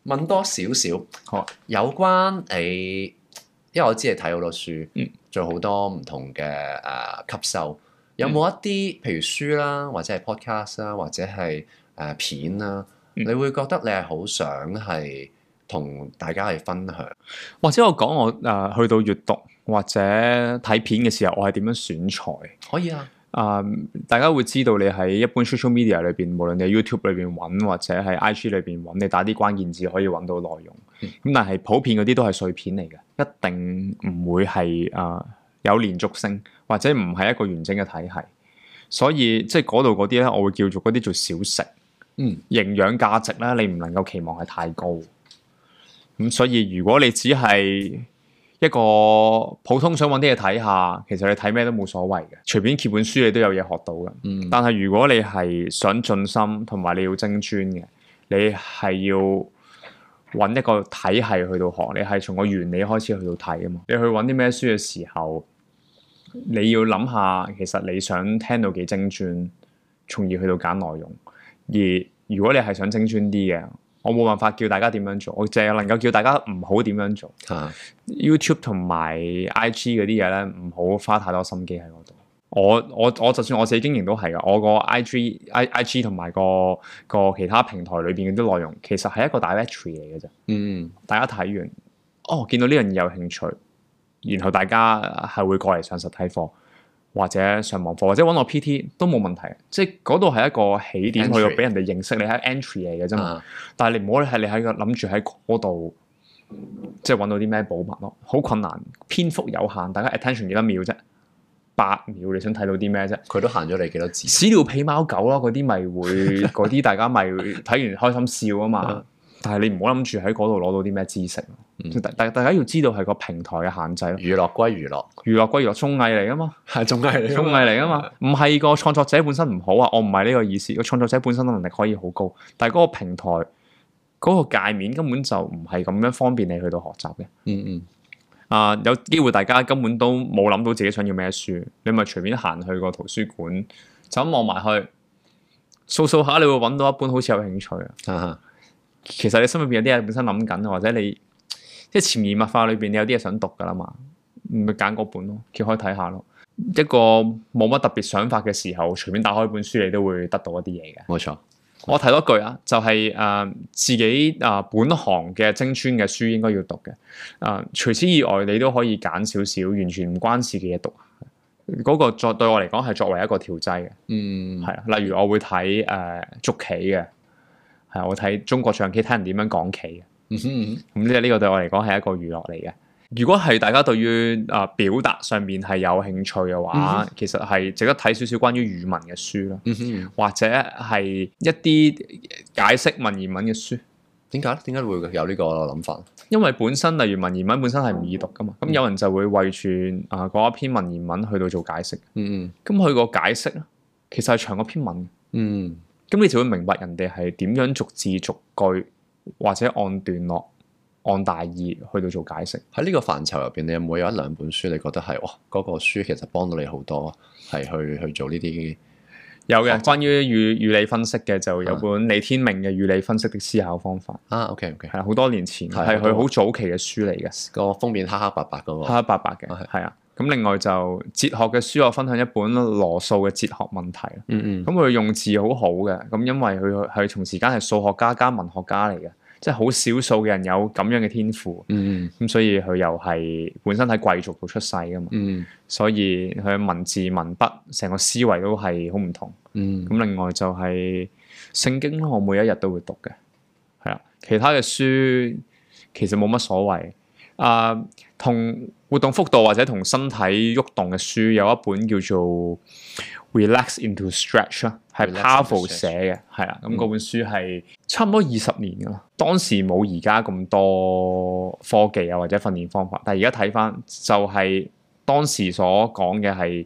問多少少，好有關你。因為我知你睇好多書，嗯、做好多唔同嘅誒、呃、吸收。有冇一啲、嗯、譬如書啦，或者係 podcast 啦，或者係誒、呃、片啦、啊，嗯、你會覺得你係好想係同大家去分享？或者我講我誒、呃、去到閱讀或者睇片嘅時候，我係點樣選材？可以啊。誒、呃，大家會知道你喺一般 social media 裏邊，無論你 YouTube 裏邊揾，或者喺 IG 裏邊揾，你打啲關鍵字可以揾到內容。咁但係普遍嗰啲都係碎片嚟嘅，一定唔會係啊、呃、有連續性，或者唔係一個完整嘅體系，所以即係嗰度嗰啲咧，我會叫做嗰啲做小食。嗯，營養價值咧，你唔能夠期望係太高。咁、嗯、所以如果你只係一個普通想搵啲嘢睇下，其實你睇咩都冇所謂嘅，隨便揭本書你都有嘢學到嘅。嗯、但係如果你係想盡心同埋你要精專嘅，你係要。揾一個體系去到學，你係從個原理開始去到睇啊嘛。你去揾啲咩書嘅時候，你要諗下其實你想聽到幾精專，從而去到揀內容。而如果你係想精專啲嘅，我冇辦法叫大家點樣做，我淨係能夠叫大家唔好點樣做。嚇、啊，YouTube 同埋 IG 嗰啲嘢呢，唔好花太多心機喺嗰度。我我我就算我自己經營都係㗎，我 IG, I, IG 個 I G I G 同埋個個其他平台裏邊嘅啲內容，其實係一個大 directory 嚟嘅啫。嗯，大家睇完，哦，見到呢樣嘢有興趣，然後大家係會過嚟上實體課，或者上網課，或者揾我 PT 都冇問題。即係嗰度係一個起點去到俾人哋認識你喺 entry 嚟嘅啫。嗯、但係你唔好係你喺度諗住喺嗰度，即係揾到啲咩寶物咯，好困難，篇幅有限，大家 attention 幾多秒啫。八秒你想睇到啲咩啫？佢都限咗你幾多字？屎尿屁貓狗咯，嗰啲咪會，嗰啲 [LAUGHS] 大家咪睇完開心笑啊嘛。 [LAUGHS] 但係你唔好諗住喺嗰度攞到啲咩知識。大、嗯、大家要知道係個平台嘅限制咯。娛樂歸娛樂，娛樂歸娛樂，綜藝嚟啊嘛。係綜藝，綜藝嚟啊嘛。唔係個創作者本身唔好啊，我唔係呢個意思。個創作者本身能力可以好高，但係嗰個平台嗰、嗰個界面根本就唔係咁樣方便你去到學習嘅。嗯嗯。啊，有機會大家根本都冇諗到自己想要咩書，你咪隨便行去個圖書館，就咁望埋去，掃掃下你會揾到一本好似有興趣啊哈。其實你心入邊有啲嘢本身諗緊，或者你即係潛移默化裏邊，你有啲嘢想讀㗎喇嘛，咪揀嗰本咯，揭開睇下咯。一個冇乜特別想法嘅時候，隨便打開本書，你都會得到一啲嘢嘅。冇錯。我睇多句啊，就係、是、誒、呃、自己啊、呃、本行嘅精專嘅書應該要讀嘅。誒、呃，除此以外，你都可以揀少少完全唔關事嘅嘢讀。嗰、那個作對我嚟講係作為一個調劑嘅，係啊、嗯。例如我會睇誒捉棋嘅，係我睇中國象棋睇人點樣講棋嘅。咁即係呢個對我嚟講係一個娛樂嚟嘅。如果係大家對於啊表達上面係有興趣嘅話，嗯、哼其實係值得睇少少關於語文嘅書啦，嗯哼嗯或者係一啲解釋文言文嘅書。點解咧？點解會有呢個諗法？因為本身例如文言文本身係唔易讀㗎嘛，咁、嗯、有人就會為住啊嗰一篇文言文去到做解釋。嗯嗯。咁佢個解釋咧，其實係長過篇文。嗯。咁你就會明白人哋係點樣逐字逐句或者按段落。放大意去到做解釋，喺呢個範疇入邊，你有冇有，有一兩本書，你覺得係哇？嗰、那個書其實幫到你好多，係去去做呢啲。有嘅的，習關於語語理分析嘅，就有本李天命嘅《語理分析的思考方法》啊。啊，OK OK，係好多年前，係佢好早期嘅書嚟嘅，個封面黑黑白白噶、那個、黑黑白白嘅，係啊。咁的另外就哲學嘅書，我分享一本羅素嘅《哲學問題》。嗯嗯，咁佢用字好好嘅，咁因為佢係從時間係數學家加文學家嚟嘅。即係好少數嘅人有咁樣嘅天賦，咁所以佢又係本身喺貴族度出世㗎嘛，所以佢、嗯、文字文筆成個思維都係好唔同。咁、嗯嗯、另外就係聖經我每一日都會讀嘅，係啦。其他嘅書其實冇乜所謂。啊、呃，同活動幅度或者同身體喐動嘅書有一本叫做 Relax Into Stretch 啊。係 Powerful 寫嘅，係啦，咁嗰、嗯、本書係差唔多二十年㗎喇。當時冇而家咁多科技啊，或者訓練方法，但係而家睇返就係、是、當時所講嘅係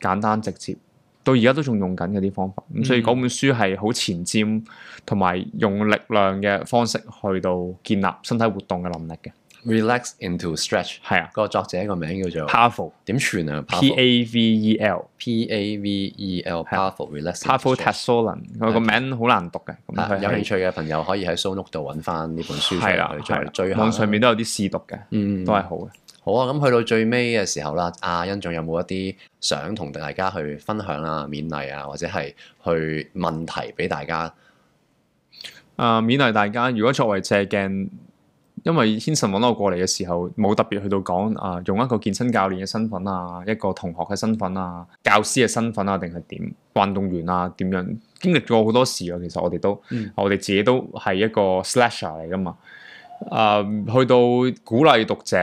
簡單直接，到而家都仲用緊嗰啲方法，咁、嗯、所以嗰本書係好前瞻，同埋用力量嘅方式去到建立身體活動嘅能力嘅。Relax into stretch，係啊，個作者個名叫做 Pavel，點串啊？P A V E L，P A V E L，Pavel，relax，Pavel r f r f Tsatsouline，個名好難讀嘅。啊，有興趣嘅朋友可以喺蘇屋度揾翻呢本書，係啦，係啦，網上面都有啲試讀嘅，都係好嘅。好啊，咁去到最尾嘅時候啦，阿恩仲有冇一啲想同大家去分享啊、勉勵啊，或者係去問題俾大家？啊，勉勵大家，如果作為借鏡。因為天神揾我過嚟嘅時候，冇特別去到講啊，用一個健身教練嘅身份啊，一個同學嘅身份啊，教師嘅身份啊，定係點運動員啊，點樣經歷咗好多事啊。其實我哋都、嗯、我哋自己都係一個 slasher 嚟噶嘛。啊，去到鼓勵讀者，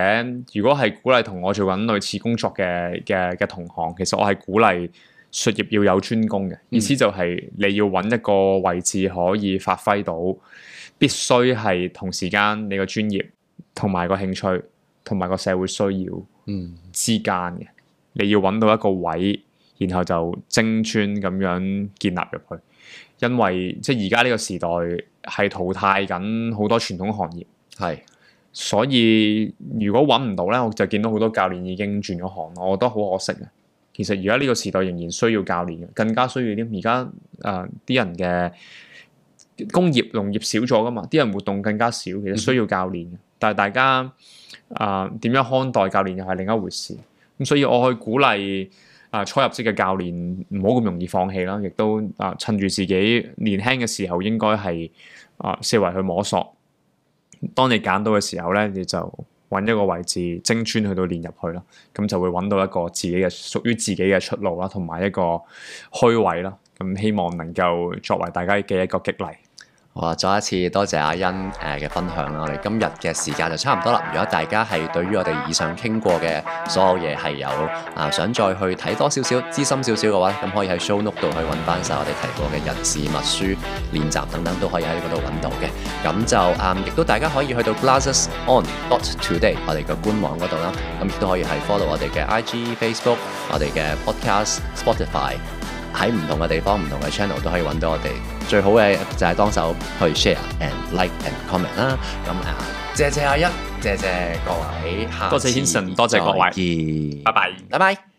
如果係鼓勵同我做緊類似工作嘅嘅嘅同行，其實我係鼓勵術業要有專攻嘅，嗯、意思就係你要揾一個位置可以發揮到。必須係同時間你個專業同埋個興趣同埋個社會需要之間嘅，你要揾到一個位，然後就精專咁樣建立入去。因為即係而家呢個時代係淘汰緊好多傳統行業，係是所以如果揾唔到呢，我就見到好多教練已經轉咗行，我覺得好可惜嘅。其實而家呢個時代仍然需要教練，更加需要啲而家誒啲人嘅。工業、農業少咗噶嘛，啲人活動更加少，其實需要教練。嗯、哼但係大家啊點樣看待教練又係另一回事。咁所以我去鼓勵啊、呃、初入職嘅教練唔好咁容易放棄啦，亦都啊、呃、趁住自己年輕嘅時候，應該係啊、呃、四圍去摸索。當你揀到嘅時候咧，你就揾一個位置精鑽去到練入去啦，咁就會揾到一個自己嘅屬於自己嘅出路啦，同埋一個虛位啦。咁希望能夠作為大家嘅一個激勵。好啊，再一次多謝阿恩誒嘅、呃、分享啦！我哋今日嘅時間就差唔多啦。如果大家係對於我哋以上傾過嘅所有嘢係有啊、呃、想再去睇多少少、知深少少嘅話，咁可以喺 ShowNote 度去揾翻晒我哋提過嘅人事物書練習等等，都可以喺嗰度揾到嘅。咁就啊，亦、呃、都大家可以去到 GlassesOn dot Today 我哋嘅官網嗰度啦。咁亦都可以係 follow 我哋嘅 IG、Facebook、我哋嘅 Podcast、Spotify。喺唔同嘅地方、唔同嘅 channel 都可以揾到我哋，最好嘅就係當手去 share and like and comment 啦、啊。咁啊，謝謝阿一，謝謝各位，多謝各位，下次再見，拜拜，拜拜。